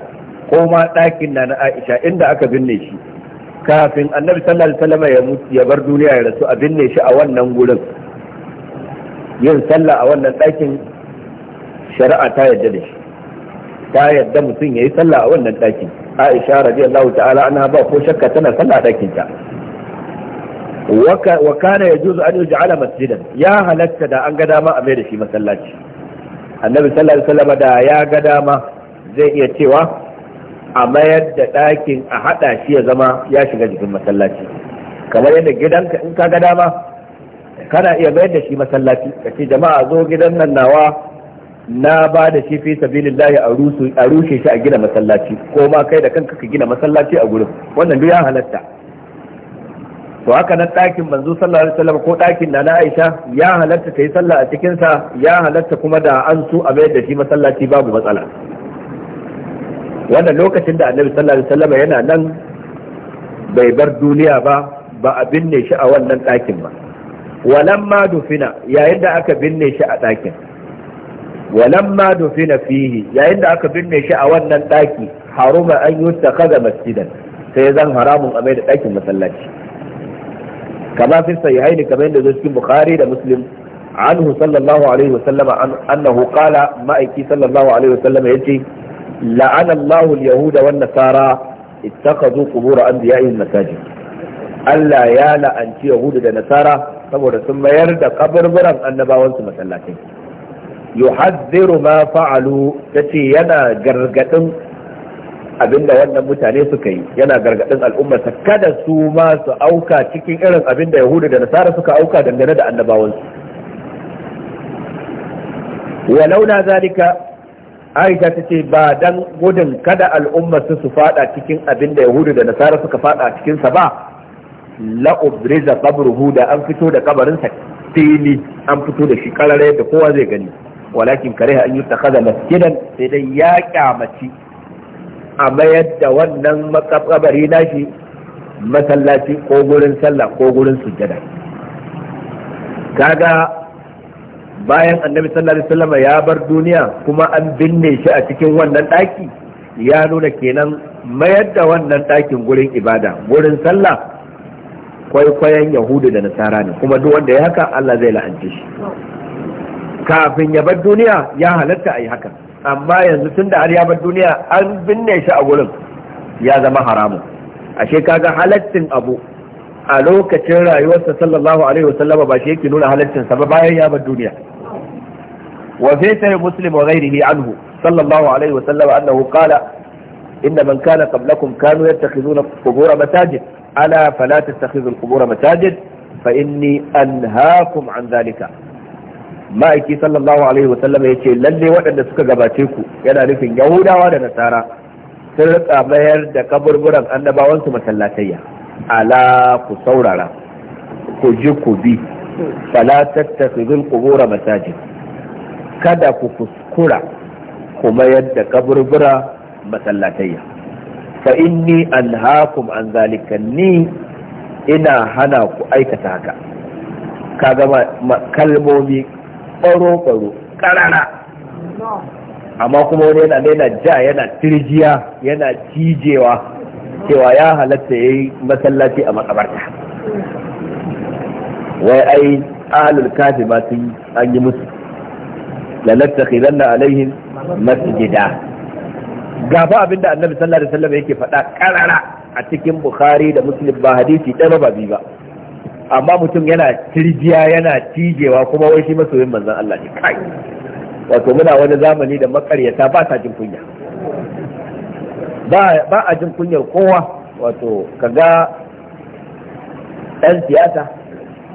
ko ma dakin na na Aisha inda aka binne shi kafin annabi sallallahu alaihi wasallam ya mutu ya bar duniya ya rasu a binne shi a wannan gurin yin sallah a wannan ɗakin shari'a ta yadda da shi ta yadda mutum ya yi sallah a wannan ɗakin aisha radiyallahu ta'ala ana ba ko shakka tana sallah a ɗakin ta wa kana yajuzu an yuj'ala masjidan ya halatta da an ga dama a mai da shi masallaci annabi sallallahu alaihi wasallam da ya ga dama zai iya cewa a mayar da ɗakin a haɗa shi ya zama ya shiga jikin masallaci kamar yadda gidanka in ka ga dama kana iya mayar da shi masallaci ka ce jama'a zo gidan nan nawa na ba da shi fi sabilillahi a rushe shi a gina masallaci ko ma kai da kanka ka gina masallaci a gurin wannan duk ya halatta to haka nan ɗakin manzo sallallahu alaihi wasallam ko ɗakin na na Aisha ya halatta ta yi sallah a cikin sa ya halatta kuma da an su a mayar da shi masallaci babu matsala wannan lokacin da annabi sallallahu alaihi wasallam yana nan bai bar duniya ba ba a binne shi a wannan ɗakin ba walamma dufina yayin da aka binne shi a ɗakin walamma dufina fihi yayin da aka binne shi a wannan ɗaki haruma an yi kaga masjidan sai zan haramun a mai da ɗakin masallaci kama fi sahihain kamar yadda zai cikin bukhari da muslim anhu sallallahu alaihi wasallama annahu qala ma'aiki sallallahu alaihi wasallama yace la'ana Allahu yahuda wan nasara ittakhadhu qubur anbiya'ihim masajid Allah ya la'anci yahudu da nasara saboda sun mayar da kaburburan annabawansu masallatai yuhadhdhiru ma fa'alu ce yana gargadin abinda wannan mutane suka yi yana gargadin al'ummarsa kada su ma su auka cikin irin abinda yahudu da nasara suka auka dangane da annabawansu walaula zalika aisha ta ce ba dan gudun kada al'umma su su fada cikin abin da yahudu da nasara suka fada cikin sa ba la ubriza qabruhu da an fito da kabarin sa fili an fito da shi karare da kowa zai gani walakin kare an yutakhadha masjidan sai dai ya kyamaci a mayar da wannan makabari nashi masallaci ko gurin sallah ko gurin sujjada kaga bayan annabi sallallahu alaihi wasallam ya bar duniya kuma an binne shi a cikin wannan daki ya nuna kenan mayar da wannan dakin gurin ibada gurin sallah kwaikwayon yahudu da nasara ne kuma duk wanda ya haka Allah zai la'anci shi kafin ya bar duniya ya halatta a yi haka amma yanzu tun da har ya bar duniya an binne shi a gurin ya zama haramun ashe kaga halattin abu a lokacin rayuwarsa sallallahu alaihi wasallama ba shi yake nuna halattinsa ba bayan ya bar duniya وفي سنة مسلم وغيره عنه صلى الله عليه وسلم أنه قال إن من كان قبلكم كانوا يتخذون القبور مساجد ألا فلا تتخذوا القبور مساجد فإني أنهاكم عن ذلك ma'aiki sallallahu alaihi wasallam ya ce lalle waɗanda suka gabace ku yana nufin yahudawa da nasara sun rika mayar da kaburburan annabawansu masallatayya ala ku saurara ku ji ku bi fala tattakhidul kada ku kuskura ku mayar da kaburbura masallatayya fa inni anhaakum an zalika ni ina hana ku aikata haka kaga kalmomi ɓaro-ɓaro ƙarara amma kuma wani yana yana ja yana tirjiya yana cijewa cewa ya halatta yayi yi masallaci a makabarta wai ai ahalul kafi ba sun an yi musu lanattakhidanna alaihim masjida gaba abinda annabi sallallahu alaihi wasallam yake faɗa karara a cikin bukhari da muslim ba hadisi ɗaya ba ba amma mutum yana tirjiya yana tijewa kuma wai shi masoyin manzon Allah ne kai wato muna wani zamani da makaryata ba ta jin kunya ba a jin kunyar kowa wato kaga ɗan siyasa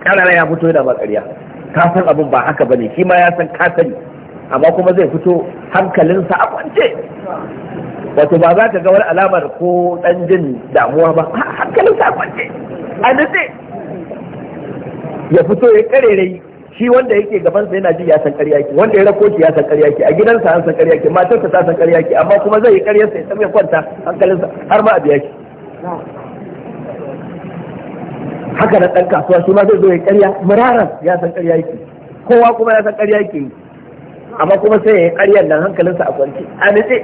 karara ya fito da makarya ka san abin ba haka bane shi ma ya san ka sani amma kuma zai fito hankalinsa a kwance wato ba za ka ga wani alamar ko dan jin damuwa ba hankalinsa a kwance a nutse ya fito ya karerai shi wanda yake gabansa yana ji ya san ƙarya yake wanda ya rako shi ya san ƙarya yake a gidansa an san ƙarya yake matarsa ta san ƙarya yake amma kuma zai yi ƙaryarsa ya tsaye kwanta hankalinsa har ma a biya shi haka na ɗan kasuwa shi ma zai zo ya ƙarya muraran ya san ƙarya yake kowa kuma ya san ƙarya yake amma kuma sai ya yi ƙaryar nan hankalinsa a kwanci a nitse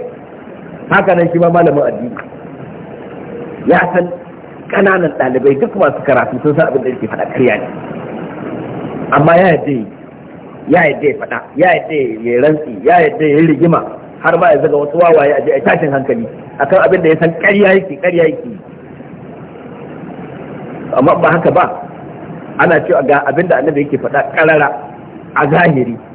haka nan shi ma malamin addini ya san ƙananan ɗalibai duk masu karatu sun san abin da yake faɗa ƙarya ne amma ya yadda ya yadda ya faɗa ya yadda ya yi rantsi ya yadda ya rigima har ma ya zaga wasu wawaye a je a tashin hankali akan abin da ya san ƙarya yake ƙarya yake amma ba haka ba ana cewa ga abin da annabi yake faɗa ƙarara a zahiri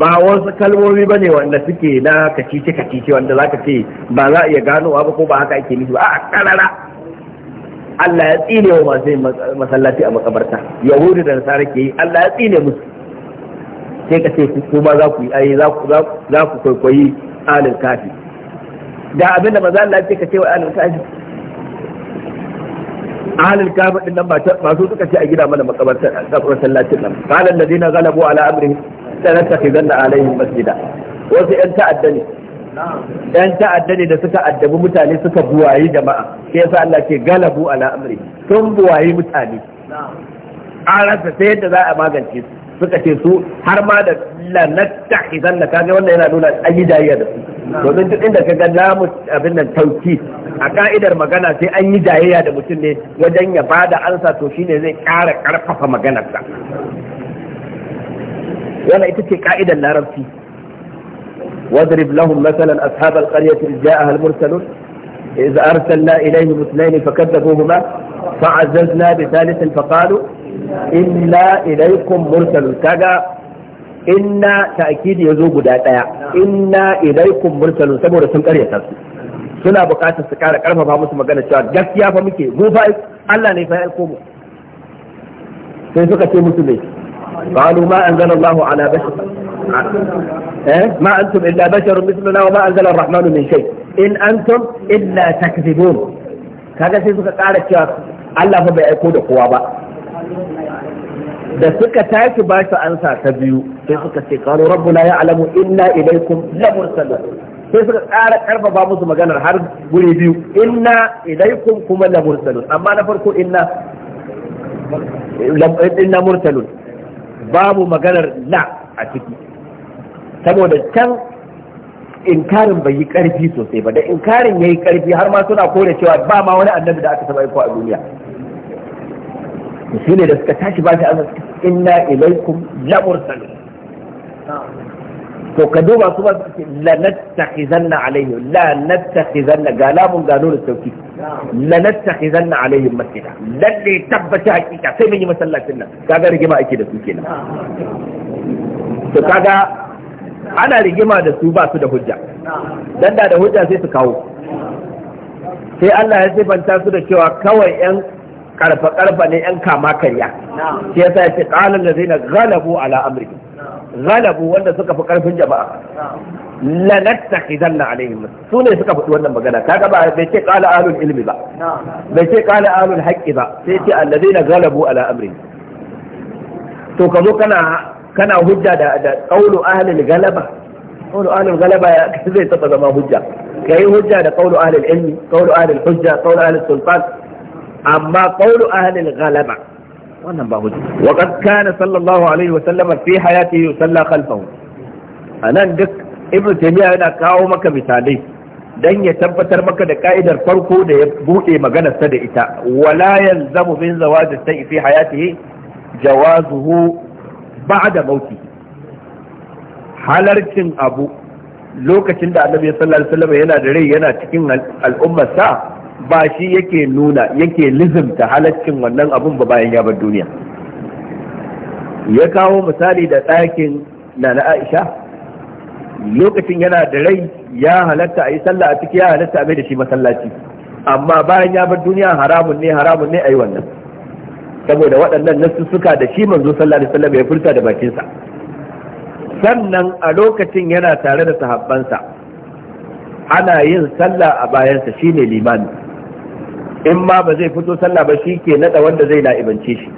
ba wasu kalmomi bane wanda suke na kacice-kacice, wanda za ka ce ba za a iya ganowa ba ko ba haka ake nufi ba a karara Allah ya tsine wa masu masallaci a makabarta yahudu da nasara ke yi Allah ya tsine musu sai ka ce ku ba za ku yi ai za ku kwaikwayi alin kafi da abinda maza Allah ya ce ka ce wa alin kafi alil kafin din nan ba su suka ce a gida mana makabartar masallacin nan qala alladhina ghalabu ala amrihim da masjida wasu yan ta'adda ne yan ta'adda da suka addabi mutane suka buwayi jama'a shi yasa Allah ke galabu ala amri sun buwayi mutane an sai yadda za a magance su suka ce su har ma da lanatta idan da kaga wannan yana nuna an yi jayayya da su domin duk inda ka ga lamu abin nan tauki a ka'idar magana sai an yi jayayya da mutum ne wajen ya bada ansa to shine zai ƙara karfafa maganarsa wannan ita ce ka'idar larabci واضرب لهم مثلا أصحاب القرية إذ جاءها المرسلون إذ أرسلنا إليهم اثنين فكذبوهما فعززنا بثالث فقالوا إنا إليكم مرسل كذا إنا تأكيد يزوج داتا إنا إليكم مرسل سبورة سنقرية تاسو suna bukatar su kara karfafa musu magana cewa gaskiya fa muke mu fa Allah ne fa ya aiko mu sai suka ce musu ne قالوا ما أنزل الله على بشر أه؟ ما أنتم إلا بشر مثلنا وما أنزل الرحمن من شيء إن أنتم إلا تكذبون kaga sai suka ƙara cewa Allah fa bai aiko da kowa ba da suka tashi ba su ansa ta biyu sai suka ce qalu rabbuna ya'lamu inna ilaykum lamursalun sai suka ƙara karfafa musu maganar har guri biyu inna ilaykum kuma lamursalun amma na farko inna inna mursalun babu maganar la a ciki saboda can inkarin bai yi karfi sosai ba da inkarin yi karfi har ma suna kore cewa ba ma wani annabi da aka taba aiko a duniya shi ne da suka tashi ba shi Allah inna ilaikum la mursalun to ka duba su ba su ce la nattakhizanna alaihim la nattakhizanna ga gano da sauki la nattakhizanna alaihim masjida lalle tabbata hakika sai mun yi masallacin nan kaga rigima ake da su kenan to kaga ana rigima da su ba su da hujja dan da da hujja sai su kawo sai Allah ya sifanta su da cewa kawai yan karfa karfa ne yan kama karya shi yasa ya ce qala allazina ghalabu ala amrihim galabu wanda suka fi karfin jama'a lanattakhidanna alaihim su ne suka fi wannan magana kaga ba bai ce qala ahlul ilmi ba bai ce qala ahlul haqqi ba sai ce alladheena galabu ala amri to kazo kana kana hujja da da qawlu ahlul galaba qawlu ahlul galaba zai taba zama hujja kai hujja da qawlu ahlul ilmi qawlu ahlul hujja qawlu ahlul sultan amma qawlu ahlul galaba wannan ba hujja wa qad kana sallallahu alaihi wa sallam fi hayatihi yusalla khalfahu anan duk ibnu taymiya yana kawo maka misalai dan ya tabbatar maka da ka'idar farko da ya bude maganar sa da ita wala yalzamu min zawaji sai fi hayatihi jawazuhu ba'da mauti halarcin abu lokacin da annabi sallallahu alaihi wasallam yana da rai yana cikin al'ummar sa ba shi yake nuna yake lizimta halaccin wannan abun ba bayan ya bar duniya ya kawo misali da ɗakin na na aisha lokacin yana da rai ya halatta a yi sallah a ciki ya halatta a mai da shi masallaci amma bayan ya bar duniya haramun ne haramun ne a yi wannan saboda waɗannan suka da shi manzo sallallahu alaihi wasallam ya furta da bakinsa sannan a lokacin yana tare da sahabbansa ana yin sallah a bayansa shine limani. in ma ba zai fito sallah ba shi ke nada wanda zai la'ibance shi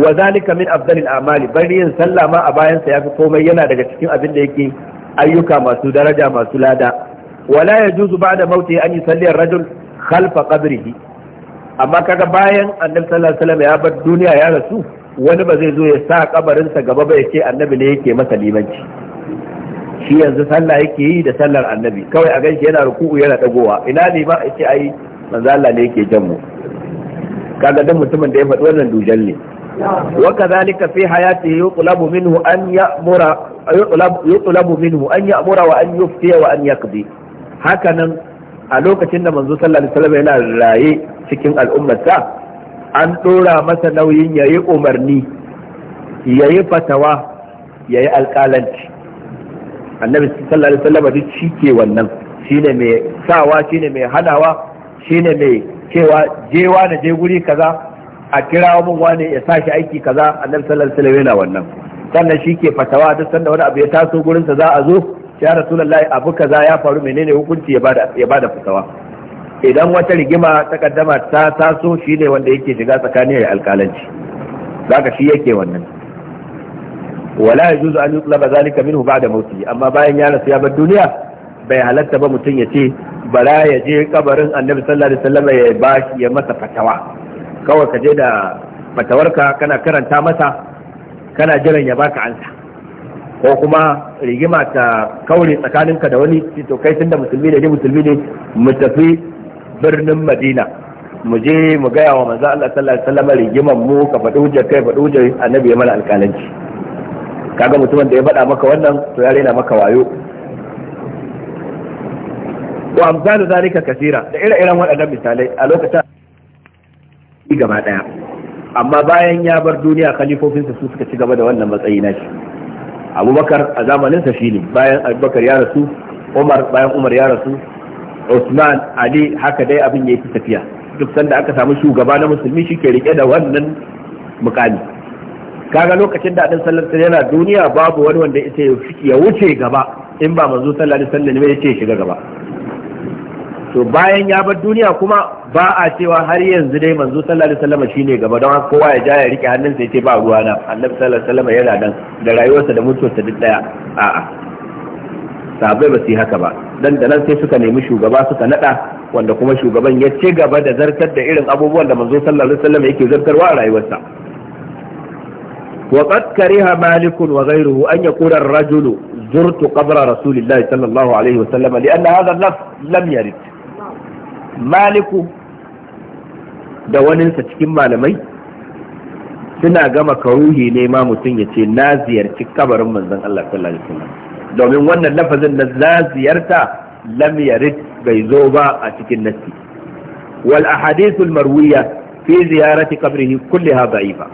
wa zalika min afdalil a'mali bari yin sallah ma a bayan sa yafi komai yana daga cikin abin da yake ayyuka masu daraja masu lada wala yajuzu ba'da mauti an yusalli ar-rajul khalfa qabrihi amma kaga bayan annabi sallallahu alaihi wasallam ya bar duniya ya rasu wani ba zai zo ya sa kabarin sa gaba ba ya ce annabi ne yake masa limanci shi yanzu sallah yake yi da sallar annabi kawai a ganshi yana ruku'u yana dagowa ina ne ba a ai manzo Allah ne yake jan mu kaga dan mutumin da ya faɗi wannan dujal ne wa kadhalika fi hayatihi yuqlabu minhu an ya'mura yuqlabu minhu an ya'mura wa an yuftiya wa an yaqdi hakanan a lokacin da manzo sallallahu alaihi wasallam yana raye cikin al'ummarsa an dora masa nauyin yayi umarni yayi fatawa yayi alƙalanci annabi sallallahu alaihi wasallam duk shi ke wannan shine mai sawa shine mai hadawa shine mai cewa jewa na je guri kaza a kira mun wani ya sashi aiki kaza annabi sallallahu alaihi wasallam wannan sannan shi ke fatawa duk sanda wani abu ya taso gurin sa za a zo ya rasulullahi abu kaza ya faru menene hukunci ya bada ya bada fatawa idan wata rigima ta kaddama ta taso shine wanda yake shiga tsakanin alƙalanci. alkalanci zaka shi yake wannan wala yajuzu an yutlaba zalika minhu ba'da mawtihi amma bayan ya rasu ya bar duniya bai halatta ba mutum ya ce bara ya je kabarin annabi sallallahu alaihi wasallam ya ba ya masa fatawa kawai ka je da fatawarka kana karanta masa kana jiran ya baka ansa ko kuma rigima ta kaure tsakaninka da wani to kai tunda musulmi ne ni musulmi ne mu tafi birnin madina mu je mu gaya wa manzo Allah sallallahu alaihi wasallam rigiman mu ka faɗi je kai faɗi je annabi ya mana alƙalanci kaga mutumin da ya faɗa maka wannan to ya rena maka wayo wa amsalu zalika kasira da ire-iren waɗannan misalai a lokacin yi gaba daya amma bayan ya bar duniya khalifofinsa su suka ci gaba da wannan matsayi na shi abubakar a zamanin shi ne bayan abubakar ya rasu umar bayan umar ya rasu usman ali haka dai abin ya yi tafiya duk sanda aka samu shugaba na musulmi shi ke rike da wannan mukami kaga lokacin da adin sallar yana duniya babu wani wanda ya wuce gaba in ba manzo sallallahu alaihi wasallam ya ce shiga gaba to bayan ya bar duniya kuma ba a cewa har yanzu dai manzo sallallahu alaihi wasallam shine gaba don kowa ya ja ya rike hannunsa ya ce ba ruwa na annabi sallallahu alaihi wasallam yana nan da rayuwarsa da mutuwarsa duk daya a'a sahabbai ba su haka ba dan da nan sai suka nemi shugaba suka nada wanda kuma shugaban ya ce gaba da zartar da irin abubuwan da manzo sallallahu alaihi wasallam yake zartarwa a rayuwarsa وقد كره مالك وغيره أن يقول الرجل زرت قبر رسول الله صلى الله عليه وسلم لأن هذا اللفظ لم يرد maliku da waninsa cikin malamai suna gama karuhi ne ma mutum ya ce na ziyarci kabarin manzon Allah sallallahu alaihi domin wannan lafazin na na ziyarta lam yarid bai zo ba a cikin nassi wal ahadith al marwiya fi ziyarati qabrihi kullaha da'ifa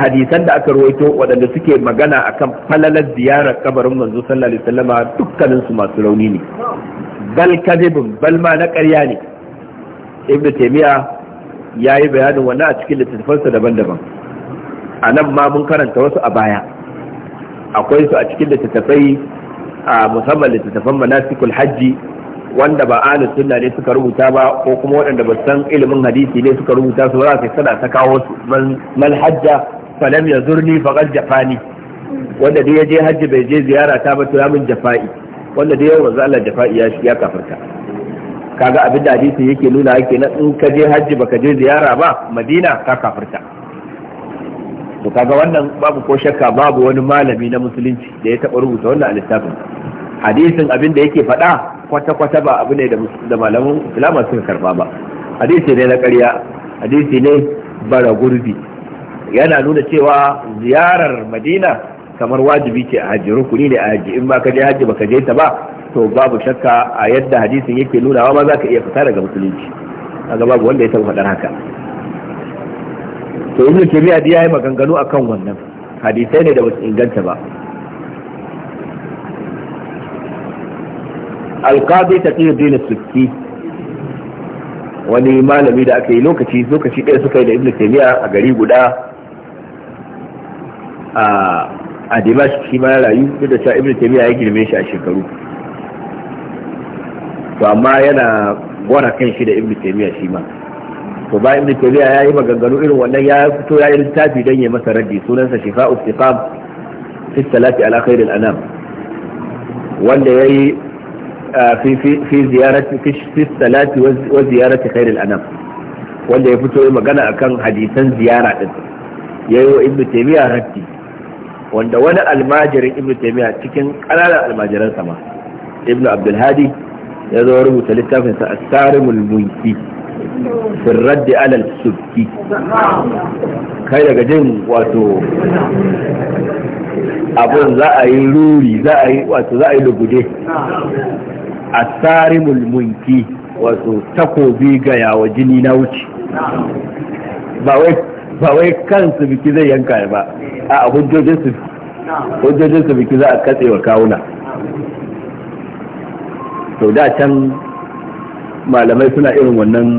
hadisan da aka rawaito waɗanda suke magana akan falalar ziyarar kabarin manzo sallallahu alaihi wasallama dukkanin su masu rauni ne bal kadibun bal ma na ƙarya ne ibn taymiya yayi bayanin wannan a cikin littattafansa daban-daban a nan ma mun karanta wasu a baya akwai su a cikin littattafai a musamman littattafan manasikul hajji wanda ba ahli sunna ne suka rubuta ba ko kuma waɗanda ba san ilimin hadisi ne suka rubuta su ba za su sana ta kawo su man hajja falam yazurni faqad jafani wanda dai ya je hajji bai je ziyara ta ba to ya min jafa'i wanda dai yawan Allah jafa'i ya ya kafirta kaga abin da hadisi yake nuna yake na in ka je hajji baka je ziyara ba Madina ka kafarta. to kaga wannan babu ko shakka babu wani malami na musulunci da ya taba rubuta wannan a littafin hadisin abin da yake faɗa kwata kwata ba abu ne da malamin islama suka karba ba hadisi ne na ƙarya hadisi ne bara gurbi yana nuna cewa ziyarar madina kamar wajibi ce a hajji rukuni ne a hajji in ba ka je hajji ba ka je ta ba to babu shakka a yadda hadisin yake nunawa ma za ka iya fita daga musulunci kaga babu wanda ya taɓa faɗar haka to ibnu tabi'a dai yayi maganganu akan wannan hadisai ne da basu inganta ba alqadi taqiyuddin din sukki wani malami da aka yi lokaci lokaci ɗaya suka yi da ibnu tabi'a a gari guda a a dimash shi ma rayu duk da cewa Ibn taymiya ya girme shi a shekaru to amma yana gwara kan shi da Ibn taymiya shi ma to ba Ibn taymiya ya yi maganganu irin wannan ya fito ya yi littafi don ya masa raddi sunansa shifa'u istiqam fi salati ala khairil anam wanda yayi في fi في زيارة في في الصلاة وزيارة خير الأنام wanda ya fito yi magana akan hadisan ziyara din ya yi wa Ibn taymiya raddi wanda wani almajirin ibnu taymiya cikin ƙananan almajiran sama ibnu abdul hadi ya zo rubuta littafin sa as-sarimul munki fi radd ala subki kai daga jin wato abun za a yi ruri za a yi wato za a yi lugude as-sarimul munki wato takobi ga yawa jini na wuce ba wai ba wai kansu biki zai yanka ba a hujjojinsu hujjojinsu biki za a katse wa kawuna to da can malamai suna irin wannan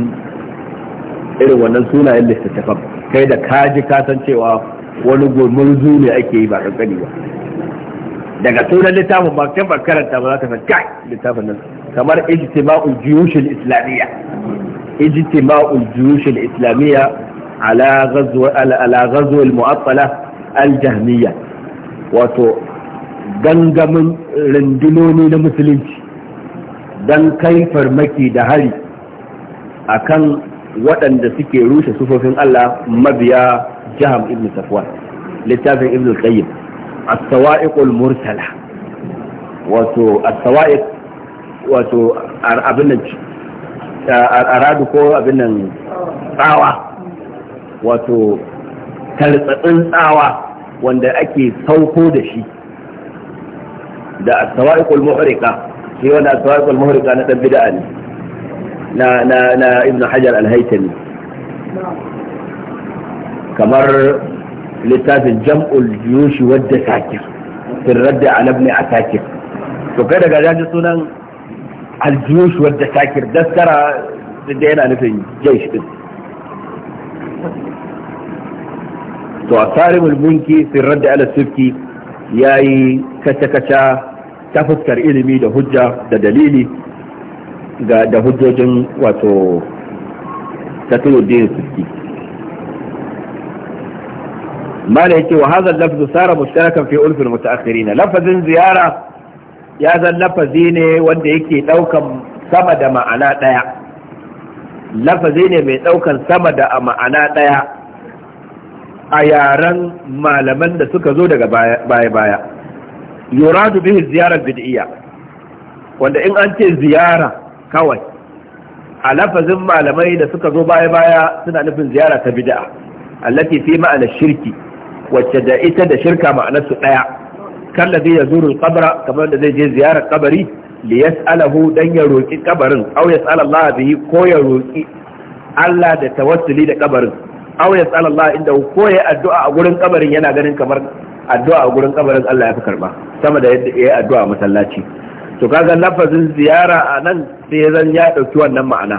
irin wannan sunayen littattafan kai da kaji kasan cewa wani gurmurzu ne ake yi ba kankani ba daga sunan littafin ba kan karanta ba za ta san kai littafin nan kamar ijtima'ul jiyushin islamiyya ijtima'ul jiyushin islamiyya ala ghazwa al-mu'attala wato gangamin rundunoni na musulunci don kai farmaki da hari akan waɗanda suke rushe sufofin Allah mabiya jiham ibn safwan littafin ibn qayyim as-sawa'iqul mursala wato aradu ko abin nan tsawa wato tartsatsin tsawa wanda ake sauko da shi da asawaiqul muhrika shi wanda asawaiqul muhrika na dan bid'a ne na na na ibnu hajar al-haytami kamar littafin jam'ul juyushi wadda sakir fi radda ala ibn asakir to kai daga jaji sunan al-juyush wadda sakir daskara da yana nufin jaysh din to a tarimul munki sirrar da ala sufki ya yi kaca-kaca ta fuskar ilimi da hujja da dalili ga da hujjojin wato taturuddin sufki mala yake wa hadha lafzu sara mushtarakan fi ulfil mutaakhirin lafazin ziyara ya zan lafazi ne wanda yake daukan sama da ma'ana daya lafazi ne mai ɗaukan sama da a ma'ana ɗaya a yaren malaman da suka zo daga baya-baya yuradu bihi ziyarar bid'iyya wanda in an ce ziyara kawai a lafazin malamai da suka zo baya-baya suna nufin ziyara ta bid'a allati fi ma'ana shirki wacce da ita da shirka ma'anarsu ɗaya kallabi zai zuru kabra kamar da zai je ziyarar kabari li yas'alahu dan ya roki kabarin aw yas'ala Allah bihi ko ya roki Allah da tawassuli da kabarin aw yas'ala inda ko ya addu'a a gurin kabarin yana ganin kamar addu'a a gurin kabarin Allah ya fi karba sama da yadda ya addu'a masallaci to kaga lafazin ziyara a nan sai zan ya dauki wannan ma'ana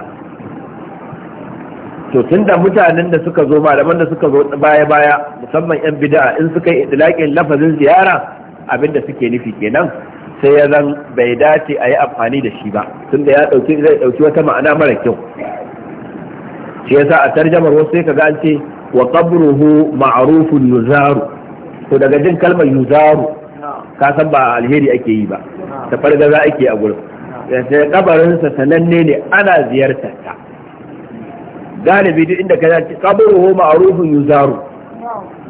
to tunda mutanen da suka zo malaman da suka zo baya baya musamman yan bid'a in suka yi idlaqin lafazin ziyara abinda suke nufi kenan sai ya zan bai dace a yi amfani da shi ba tun da ya ɗauki zai ɗauki wata ma'ana mara kyau shi yasa a tarjamar wasu sai ga an ce wa qabruhu ma'rufun yuzaru to daga jin kalmar yuzaru ka san ba alheri ake yi ba ta za ake a gurin sai sa sananne ne ana ziyartar ta galibi duk inda ka ce qabruhu ma'rufun yuzaru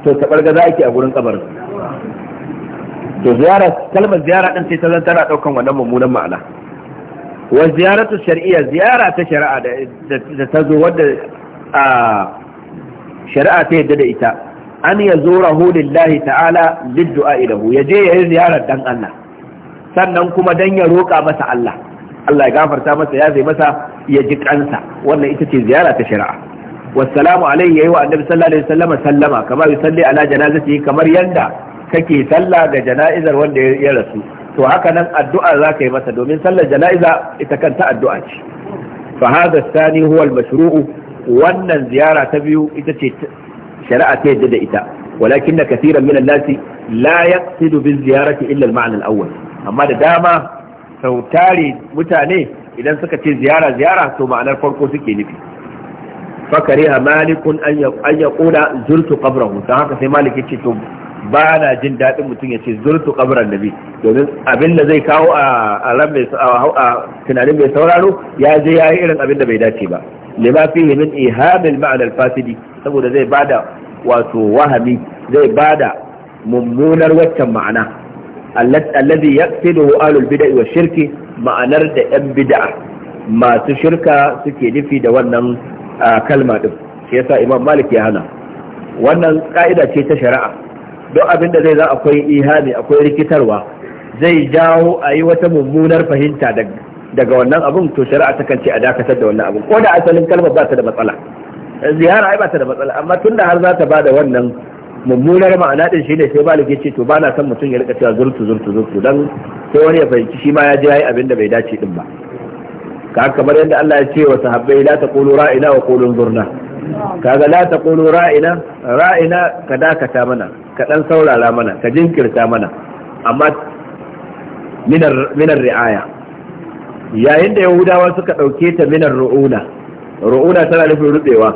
to ta za ake a gurin kabarin to ziyara kalmar ziyara din sai ta zan tana daukan wannan mummunan ma'ana wa ziyaratu shar'iyya ziyara ta shari'a da ta zo wanda a shari'a ta yadda da ita an ya zurahu lillahi ta'ala liddu'a ilahu ya je ya yi ziyarar dan Allah sannan kuma dan ya roƙa masa Allah Allah ya gafarta masa ya zai masa ya ji kansa wannan ita ce ziyara ta shari'a wassalamu alaihi yayi wa annabi sallallahu alaihi wasallama sallama kamar yusalli ala janazatihi kamar yanda kake sallah ga jana'izar wanda ya rasu to haka nan addu'a za ka yi masa domin sallar jana'iza ita kanta addu'a ce fa hadha thani huwa al-mashru'u wannan ziyara ta biyu ita ce shari'a ta yadda da ita walakin da kasiran min nasi la yaqsidu bi ziyarati illa al-ma'na al-awwal amma da dama sautare mutane idan suka ce ziyara ziyara to ma'anar farko suke nufi fakariha malikun an yaqula zurtu qabrahu dan haka sai malik yace to ba na jin daɗin mutum ya ce zurtu kabarin nabi domin abin da zai kawo a ran mai a tunanin mai sauraro ya je ya yi irin abin da bai dace ba lima fihi min ihamil ma'anar fasidi saboda zai bada wato wahami zai bada mummunar waccan ma'ana alladhi yaqtidu ahlul bid'ah wa shirki ma'anar da yan bid'a masu shirka suke nufi da wannan kalma din shi yasa imam malik ya hana wannan ka'ida ce ta shari'a don abin da zai za akwai ihami akwai rikitarwa zai jawo a yi wata mummunar fahimta daga wannan abin to shari'a ta kance a dakatar da wannan abin ko da asalin kalmar ba ta da matsala ziyara ai ba ta da matsala amma tun da har za ta ba da wannan mummunar ma'ana din shine sai ba ce to ba na son mutum ya rika cewa zurtu zurtu zurtu dan sai wani ya fahimci shi ma ya je yayi abin da bai dace din ba ka kamar yadda Allah ya ce wa sahabbai la taqulu ra'ina wa qulu zurna kaga la kulu ra'ina ra'ina ka dakata mana ka dan saurara mana ka jinkirta mana amma minar minar ri'aya yayin da yahudawa suka dauke ta minar ru'una ru'una tana nufin rubewa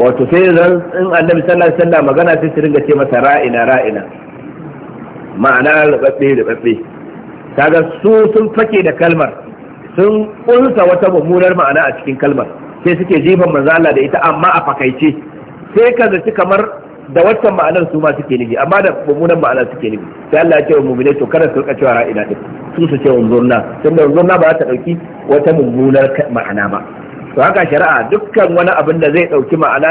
wato sai zan in annabi sallallahu alaihi wasallam magana sai su ringa ce masa ra'ina ra'ina ma'ana rubabbe rubabbe kaga su sun fake da kalmar sun kunsa wata mummunar ma'ana a cikin kalmar sai suke jifan manzala da ita amma a fakaice sai ka zaci kamar da waccan ma'anar su ma suke nufi amma da mummunan ma'anar suke nufi sai Allah ya ce wa mu'minai to kada su rika cewa ra'ina din su su ce unzurna tunda zurna ba za ta dauki wata mummunar ma'ana ba to haka shari'a dukkan wani abin da zai ɗauki ma'ana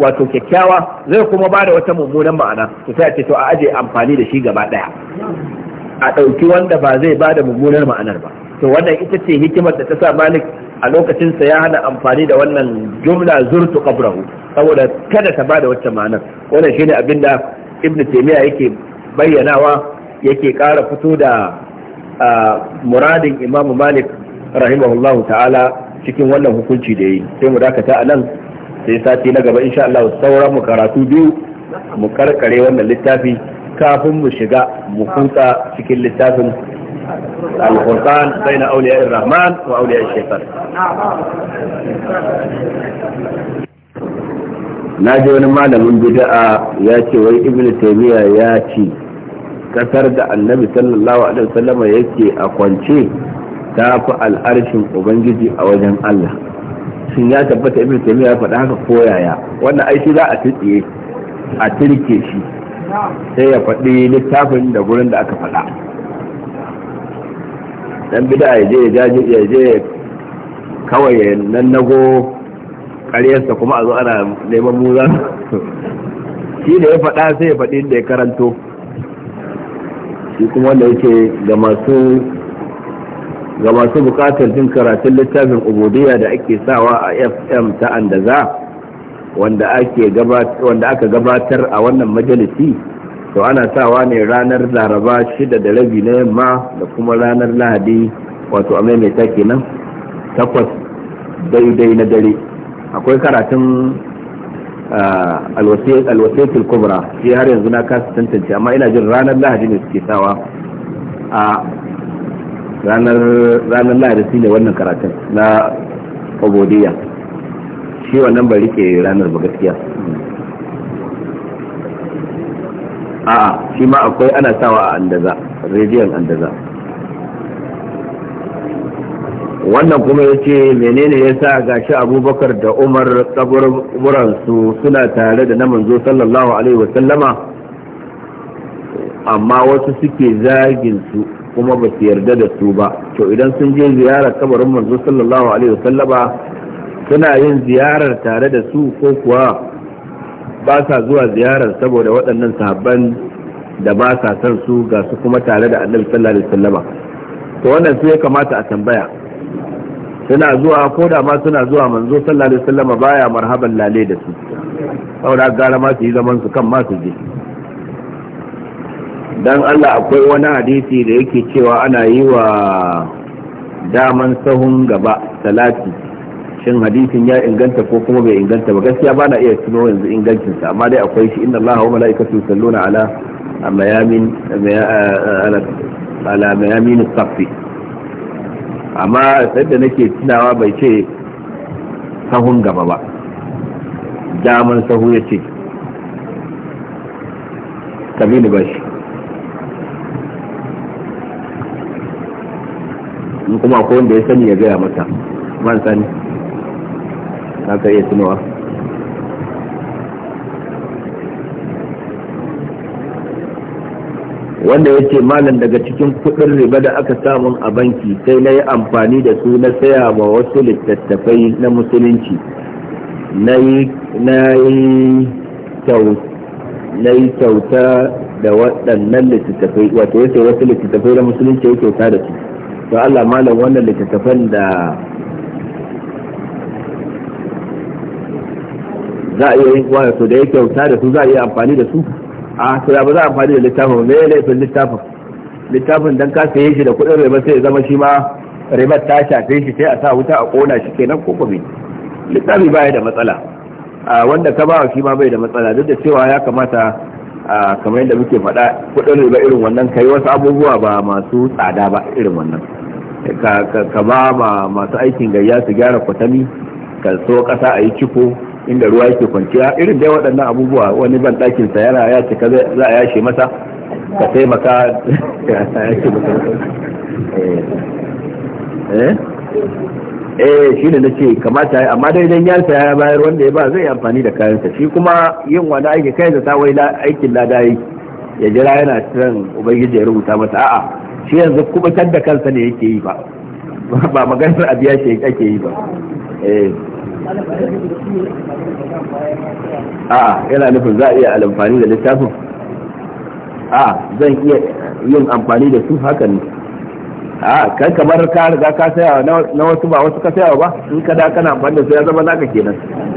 wato kyakkyawa zai kuma ba da wata mummunan ma'ana to sai a ce to a aje amfani da shi gaba ɗaya a ɗauki wanda ba zai ba da mummunar ma'anar ba to wannan ita ce hikimar da ta sa malik a lokacin sa ya hana amfani da wannan jumla zurtu qabrahu saboda kada ta bada wacce ma'ana wannan shine abinda ibnu taymiya yake bayyanawa yake ƙara fito da muradin imam malik rahimahullahu ta'ala cikin wannan hukunci da yi sai mu dakata a nan sai sati na gaba insha Allah sauran mu karatu biyu mu karkare wannan littafi kafin mu shiga mu kutsa cikin littafin الفرقان بين أولياء الرحمن وأولياء الشيطان na ji wani malamin bid'a ya ce wai ibn taymiya ya ce kasar da annabi sallallahu alaihi yake a kwance ta fi al'arshin ubangiji a wajen Allah shin ya tabbata ibn taymiya ya faɗa haka ko yaya wannan ai shi za a tsitsiye a tirke shi sai ya faɗi littafin da gurin da aka faɗa dan bida ya je ya je kawai ya nannago karyarsa kuma a zo ana neman muza shi da ya faɗa sai ya faɗi da ya karanto shi kuma wanda yake ga masu ga masu bukatar jin karatun littafin ubudiyya da ake sawa a fm ta andaza wanda aka gabatar a wannan majalisi to ana sawa ne ranar laraba shida da rabi na yamma da kuma ranar lahadi wato a maimaita kenan takwas daidai na dare akwai karatun ah, alwasaitul kubra shi har yanzu na kasa tantance amma ina jin ranar lahadi ne suke sawa a ranar lahadi su ne wannan karatun na obodiya shi wannan bari ke ranar ba gaskiya a'a shi ma akwai ana sawa a andaza rediyon andaza wannan kuma ya ce menene ya sa gashi abubakar da umar su suna tare da na manzo sallallahu alaihi wasallama amma wasu suke zagin su kuma ba su yarda da su ba to idan sun je ziyarar kabarin manzo sallallahu alaihi wasallama suna yin ziyarar tare da su ko kuwa ba sa zuwa ziyarar saboda waɗannan sahabban da ba sa son su ga su kuma tare da annabi sallallahu alaihi wasallama to wannan sai ya kamata a tambaya suna zuwa ko da ma suna zuwa manzo sallallahu alaihi wasallama baya marhaban lale da su saboda gara ma su yi zaman su kan ma su je dan Allah akwai wani hadisi da yake cewa ana yi wa daman sahun gaba salati shin hadisin ya inganta ko kuma bai inganta ba gaskiya ba na iya tuno yanzu ingancinsa amma dai akwai shi inna Allah wa mala'ikatu salluna ala mayamin ala mayamin safi amma da nake tunawa bai ce sahun gaba ba daman sahu ya ce kabini ba shi in kuma akwai wanda ya sani ya gaya mata man sani za ka iya tunawa wanda ya ce malam daga cikin kudin riba da aka samun a banki sai na yi amfani da su na saya ma wasu littattafai na musulunci na yi kyauta da waɗannan littattafai wato ya ce wasu littattafai na musulunci ya kyauta da su to Allah malam wannan littattafan da za a iya yin da ya kyauta da su za a iya amfani da su a to ba za a amfani da littafin ba me laifin littafin littafin dan ka saye shi da kuɗin riba sai ya zama shi ma ribar ta shafe shi sai a sa wuta a kona shi kenan ko kuma littafi ba ya da matsala a wanda ka wa shi ma bai da matsala duk da cewa ya kamata a kamar yadda muke faɗa kuɗin riba irin wannan kai wasu abubuwa ba masu tsada ba irin wannan ka ba ma masu aikin gayya su gyara kwatami ka so kasa a yi ciko inda ruwa yake kwanciya irin dai waɗannan abubuwa wani ban ɗakin sa yana ya cika za a yashe masa ka taimaka [laughs] maka eh. eh eh shi ne na ce kamata ya amma dai idan ya saya ya bayar wanda ya ba zai amfani da kayansa shi kuma yin wani aiki kai da tawai aikin ladayi ya jira yana kiran ubangiji ya rubuta masa a'a shi yanzu kubutar da kansa ne yake yi ba [laughs] ba maganar abiya shi ake yi ba eh a yana nufin za a iya amfani da littafin a zan iya yin amfani da su haka ne a kan kamar ka riga ka saya na wasu ba wasu ka saya ba in ka da kana amfani da su ya zama naka kenan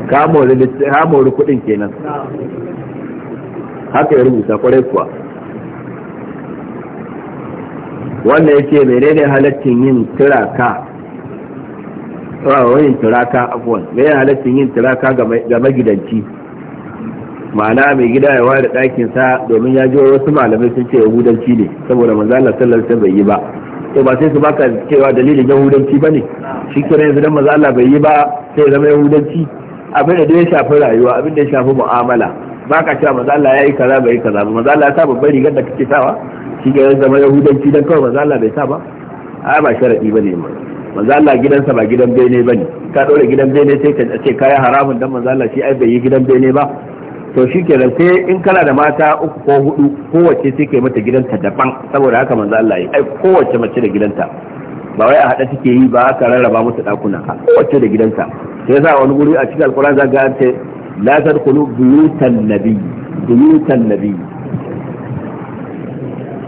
ka mori ha mori kudin kenan haka ya rubuta kwarai kuwa wannan yake menene halaccin yin ka yin turaka abuwan mai halittin yin turaka ga magidanci ma'ana mai gida ya ware ɗakinsa domin ya ji wasu malamai sun ce yahudanci ne saboda manzo Allah sallallahu alaihi bai yi ba to ba sai su baka cewa dalilin yahudanci bane shi kira yanzu dan manzo Allah bai yi ba sai zama yahudanci abin da ya shafi rayuwa abin da ya shafi mu'amala baka cewa manzo Allah yayi kaza bai kaza ba manzo Allah ya sa babbar rigar da kake sawa shi ga zama yahudanci dan kawai manzo Allah bai sa ba a ba sharadi bane mai manzo Allah gidansa ba gidan bene bane ka dole gidan bene sai ka ce kai haramun dan manzo Allah shi ai bai yi gidan bene ba to shikenan sai in kana da mata uku ko hudu kowace sai kai mata gidanta daban saboda haka manzo Allah yi ai kowace mace da gidanta ba wai a hada take yi ba aka rarraba musu dakuna kowace da gidanta sai yasa wani guri a cikin alquran zaka ga ta la tadkhulu buyutan nabi buyutan nabi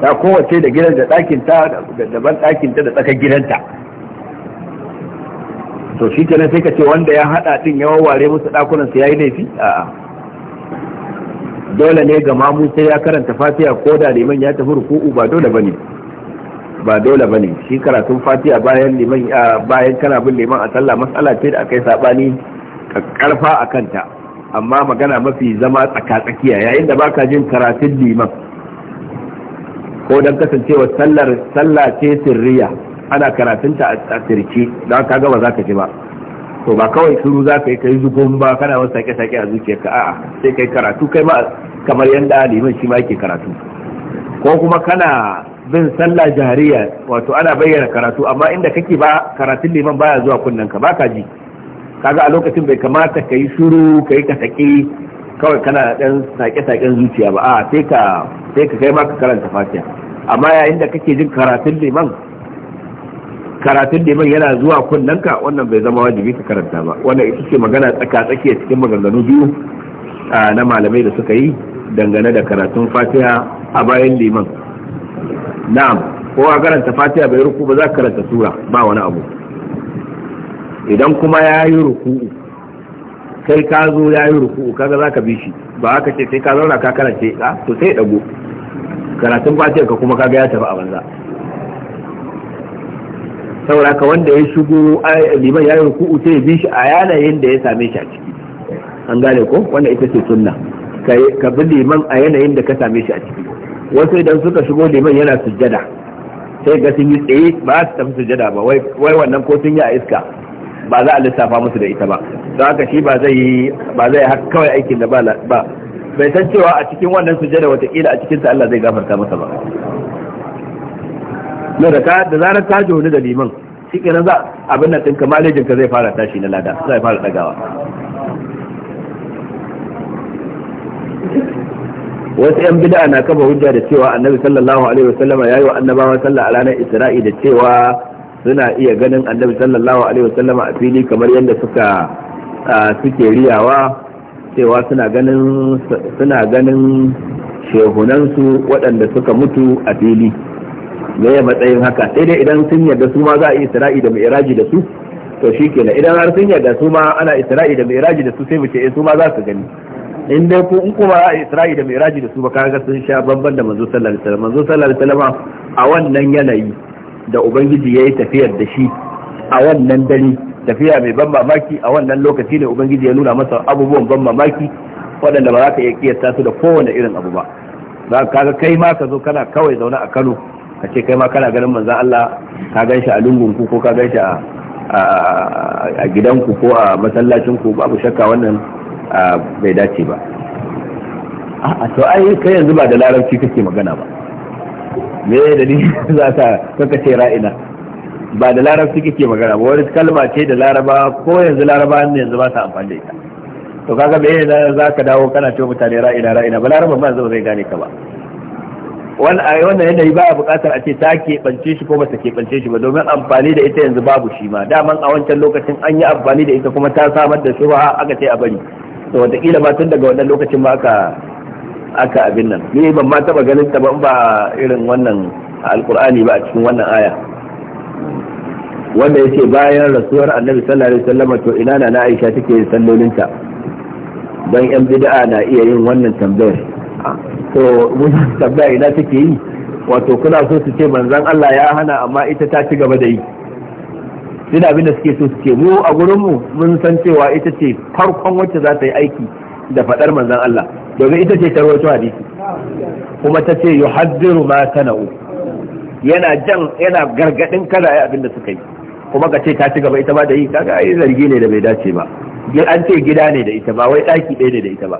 ta kowace da gidan da ɗakin ta da daban ɗakin ta da tsakar gidanta to shi kenan sai ka ce wanda ya hada din ya ware musu dakunan su yayi laifi a'a dole ne ga mamu sai ya karanta fatiha ko da liman ya tafi ruku'u ba dole bane ba dole bane shi karatun fatiha bayan liman bayan kana bin liman a sallah mas'ala ce da akai sabani karfa a kanta amma magana mafi zama tsaka yayin da baka jin karatun liman ko dan kasancewa sallar sallah ce sirriya ana karatunta a sirce don ka gaba za ka ji ba to ba kawai shiru za ka yi yi zubon ba kana wasu sake-sake a zuciya. Ka a'a sai ka yi karatu kai ma kamar yadda liman shi ma yake karatu ko kuma kana bin sallah jahariya wato ana bayyana karatu amma inda kake ba karatun liman baya zuwa kunnen ka baka ji kaga a lokacin bai kamata ka yi shuru ka yi ka saki kawai kana dan sake-saken zuciya ba a sai ka sai ka kai ma ka karanta fatiha amma yayin da kake jin karatun liman karatun da yana zuwa kunnanka wannan bai zama wajibi ka karanta ba wannan ita ce magana tsaka tsakiya cikin maganganu biyu na malamai da suka yi dangane da karatun fatiha a bayan liman na'am ko a karanta fatiha bai ruku ba za ka karanta sura ba wani abu idan kuma ya yi ruku kai ka zo ya yi ruku kaga za ka bi shi ba haka ce sai ka zauna ka karance ka to sai ya dago karatun fatiha ka kuma kaga ya tafi a banza sauraka ka wanda ya shigo liman ya yi ruku'u sai ya bi shi a yanayin da ya same shi a ciki an gane ko wannan ita ce sunna ka bi liman a yanayin da ka same shi a ciki wasu idan suka shigo liman yana sujjada sai ga sun yi tsaye ba su tafi sujjada ba wai wannan ko sun yi a iska ba za a lissafa musu da ita ba don haka shi ba zai yi ba zai kawai aikin da ba bai san cewa a cikin wannan sujjada watakila a cikin ta Allah zai gafarta masa ba na da da zarar ta joni da liman shi kenan za abin da ɗinka malejin ka zai fara tashi na lada zai fara dagawa. wasu yan bid'a na kafa hujja da cewa annabi sallallahu alaihi wasallam ya yi wa annabawa sallah a ranar isra'i da cewa suna iya ganin annabi sallallahu alaihi wasallam a fili kamar yadda suka suke riyawa cewa suna ganin suna ganin shehunansu waɗanda suka mutu a fili me ya matsayin haka sai dai idan sun yarda su ma za a yi isra'i da mi'raji da su to shikenan idan har sun yarda su ma ana isra'i da mi'raji da su sai mu ce eh, su ma za su gani in dai ko in kuma za a yi isra'i da mi'raji da su ba kaga sun sha bamban da manzo sallallahu alaihi wasallam manzo sallallahu alaihi wasallam a wannan yanayi da ubangiji yayi tafiyar da shi a wannan dare tafiya mai ban mamaki a wannan lokaci ne ubangiji ya nuna masa abubuwan ban mamaki waɗanda ba za ka iya kiyasta su da kowane irin abu ba za ka ga kai ma ka zo kana kawai zaune a Kano a ce kai ma kana ganin manzan Allah ka gan shi a lungunku ko ka gan shi a gidanku ko a masallacinku babu shakka wannan bai dace ba a to ai kai yanzu ba da larabci kake magana ba me da ni [laughs] za ta kaka ce ra'ina ba da larabci kake magana ba wani kalma ce da laraba ko yanzu laraba ne yanzu ba ta amfani da ita to kaga me za ka dawo kana ce mutane ra'ina ra'ina ba laraba ba yanzu ba zai gane ka ba wannan yanayi ba a buƙatar a ce ta keɓance shi ko bata keɓance shi ba domin amfani da ita yanzu babu shi ma dama a wancan lokacin an yi amfani da ita kuma ta samar da ba aka ce a bari da wataƙila ma tun daga wannan lokacin ma aka aka abin nan ni ban ma taɓa ganin ta ban ba irin wannan alkur'ani ba a cikin wannan aya wanda yake bayan rasuwar annabi sallallahu alaihi wasallam to ina na Aisha take sallolinta dan yan bid'a na iya yin wannan tambayar to mun tambaya ina take yi wato kuna so su ce manzan Allah ya hana amma ita ta ci gaba da yi duk abin da suke so su ce mu a gurin mu mun san cewa ita ce farkon wacce za ta yi aiki da fadar manzon Allah domin ita ce tarwato hadisi kuma ta ce yuhaddiru ma sana'u yana jan yana gargadin kada ya abin da suka yi kuma ka ce ta ci gaba ita ma da yi kaga ai zargi ne da bai dace ba an ce gida ne da ita ba wai daki ɗaya ne da ita ba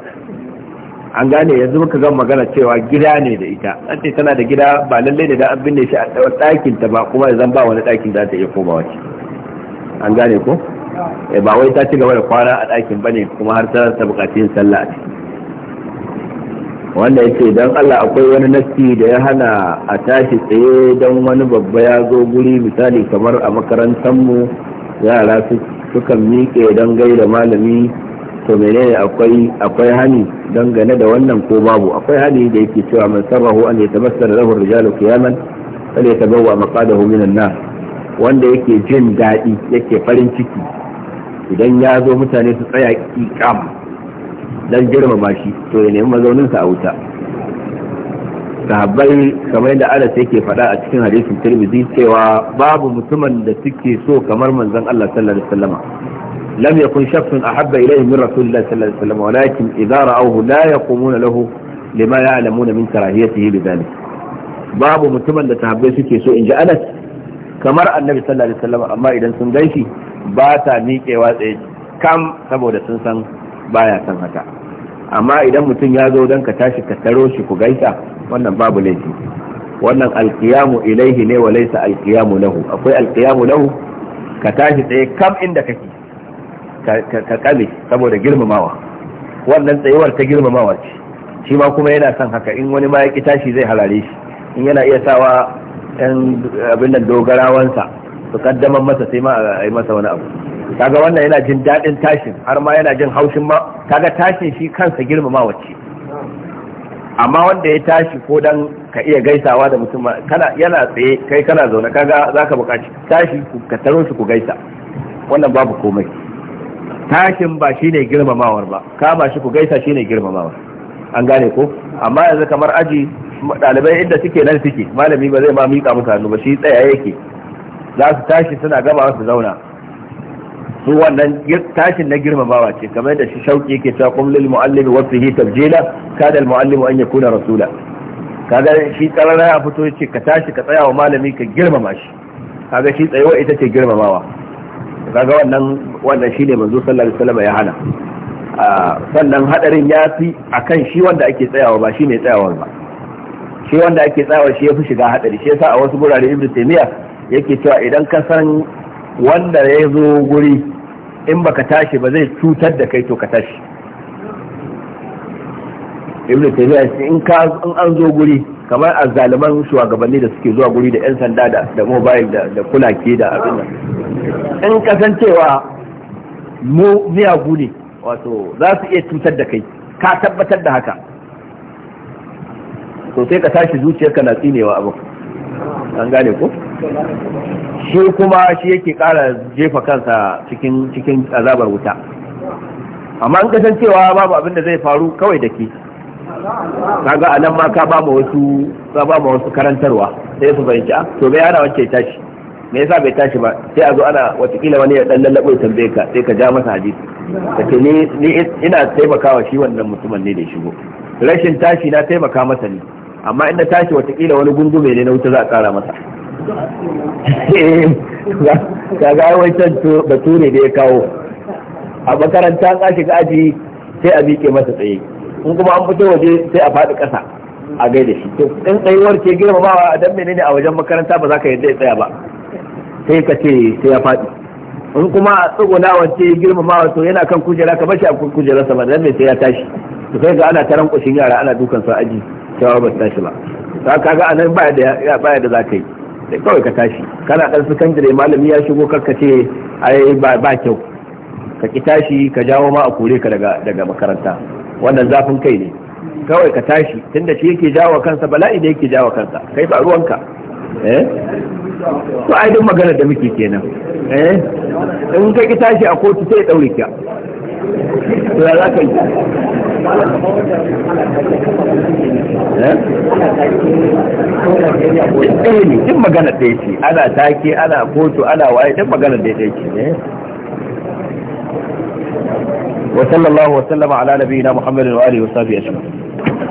an gane yanzu muka zan magana cewa gida ne da ita an ce tana da gida ba lallai da da an binne shi a ɗakin ta ba kuma zan ba wani ɗakin za ta iya komawa wace an gane ko eh ba wai ta ci gaba da kwana a ɗakin bane kuma har ta ta buƙaci yin sallah a ciki wanda yake dan Allah akwai wani nasti da ya hana a tashi tsaye dan wani babba ya zo guri misali kamar a makarantar mu yara su sukan miƙe dan gaida malami to menene akwai akwai hani dangane da wannan ko babu akwai hani da yake cewa man sarrahu an yatabassara lahu rijalu qiyaman fal yatabawwa maqadahu an nar wanda yake jin daɗi yake farin ciki idan ya zo mutane su tsaya iqam dan girmama shi to ya nemi mazaunin sa a wuta sahabbai kamar da Anas yake faɗa a cikin hadisin Tirmidhi cewa babu mutumin da suke so kamar manzon Allah sallallahu alaihi wasallama lam yakun shakhsun ahabba ilayhi min rasulillahi sallallahu alaihi wasallam walakin idza ra'awhu la yaqumuna lahu lima ya'lamuna min karahiyatihi bidhalik babu mutumin da sahabbai suke so in ji Anas kamar Annabi sallallahu alaihi wasallam amma idan sun gaishi ba ta miƙewa tsaye kam saboda sun san baya san haka amma idan mutum ya zo don ka tashi ka taro ku gaisa wannan babu laifi wannan alkiyamu ilaihi ne wa laisa alkiyamu lahu akwai alkiyamu lahu ka tashi tsaye kam inda kake ka kame saboda girmamawa wannan tsayuwar ta girmamawa ce shi ma kuma yana son haka in wani ma ya ki tashi zai halare shi in yana iya sawa yan abin nan dogarawansa su kaddaman masa sai ma a yi masa wani abu kaga wannan yana jin daɗin tashin har ma yana jin haushin ma kaga tashin shi kansa girmamawa ce amma wanda ya tashi ko dan ka iya gaisawa da mutum kana yana tsaye kai kana zaune kaga zaka buƙaci tashi ka taro shi ku gaisa wannan babu komai tashin ba shi ne girmamawar ba kama shi ku gaisa shi ne girmamawar an gane ko amma yanzu kamar aji ɗalibai inda suke nan suke malami ba zai ma miƙa musu hannu ba shi tsaya yake za su tashi suna gama su zauna su wannan tashin na girmamawa ce kamar da shi shauki yake cewa qum lil muallimi wa fihi tabjila kada al muallimu an yakuna rasula kaga shi karara ya fito ce ka tashi ka tsaya wa malami ka girmama shi kaga shi tsayewa ita ce girmamawa kaga wannan wannan shine manzo sallallahu alaihi wasallam ya hana sannan hadarin ya fi akan shi wanda ake tsayawa ba shi mai tsayawa ba shi wanda ake tsayawa shi ya fi shiga hadari shi yasa a wasu gurare ibnu taymiya yake cewa idan ka san wanda ya zo guri in baka tashi ba zai cutar da kai to ka tashi ibnu taymiya in ka in an zo guri kamar a zaliman shugabanni da suke zuwa guri da yan sanda da da mobile da da kulake da abin nan in kasancewa mu miyagu ne wato za su iya cutar da kai ka tabbatar da haka to sai ka tashi zuciyarka na tsinewa abin an gane ko shi kuma shi yake kara jefa kansa cikin cikin azabar wuta amma an kasancewa babu abin da zai faru kawai da ke kaga a nan ma ka ba mu wasu ka ba mu wasu karantarwa sai su fahimci a ah, to bai yana wacce tashi me yasa bai tashi ba sai a zo ana watakila wani ya dan lallabo ya tambaye ka sai ka ja masa hadisi kace ni ni ina taimakawa shi wannan mutumin ne da ya shigo rashin tashi na taimaka masa ne amma inda tashi watakila wani gungume ne na wuta za a kara masa [laughs] kaga wancan bature da ya kawo a makaranta ka shiga aji sai a miƙe masa tsaye in kuma an fito waje sai a faɗi ƙasa a gaida shi to in tsayuwar ce girmamawa a dan menene a wajen makaranta ba za ka yadda ya tsaya ba sai ka ce sai ya faɗi in kuma a tsugunawa ce girmamawa to yana kan kujera ka bashi a kujerarsa ba dan me sai ya tashi to sai ga ana taran kushin yara ana dukan su aji cewa ba tashi ba ka kaga anan baya da baya da za ka yi sai kawai ka tashi kana dan sakandare malami ya shigo karka ce ai ba kyau ka ki tashi ka jawo ma a kore ka daga makaranta wannan zafin kai ne kawai ka tashi tunda shi yake jawo kansa bala'i da yake jawo kansa kai ba ruwanka eh to ai duk magana da muke kenan eh in ka ki tashi a kotu sai daure ki to ya za ka yi Eh ne duk magana ɗaya ce ana take ana kotu ana waye duk magana ɗaya ce eh? وصلى الله وسلم على نبينا محمد وآله وصحبه أجمعين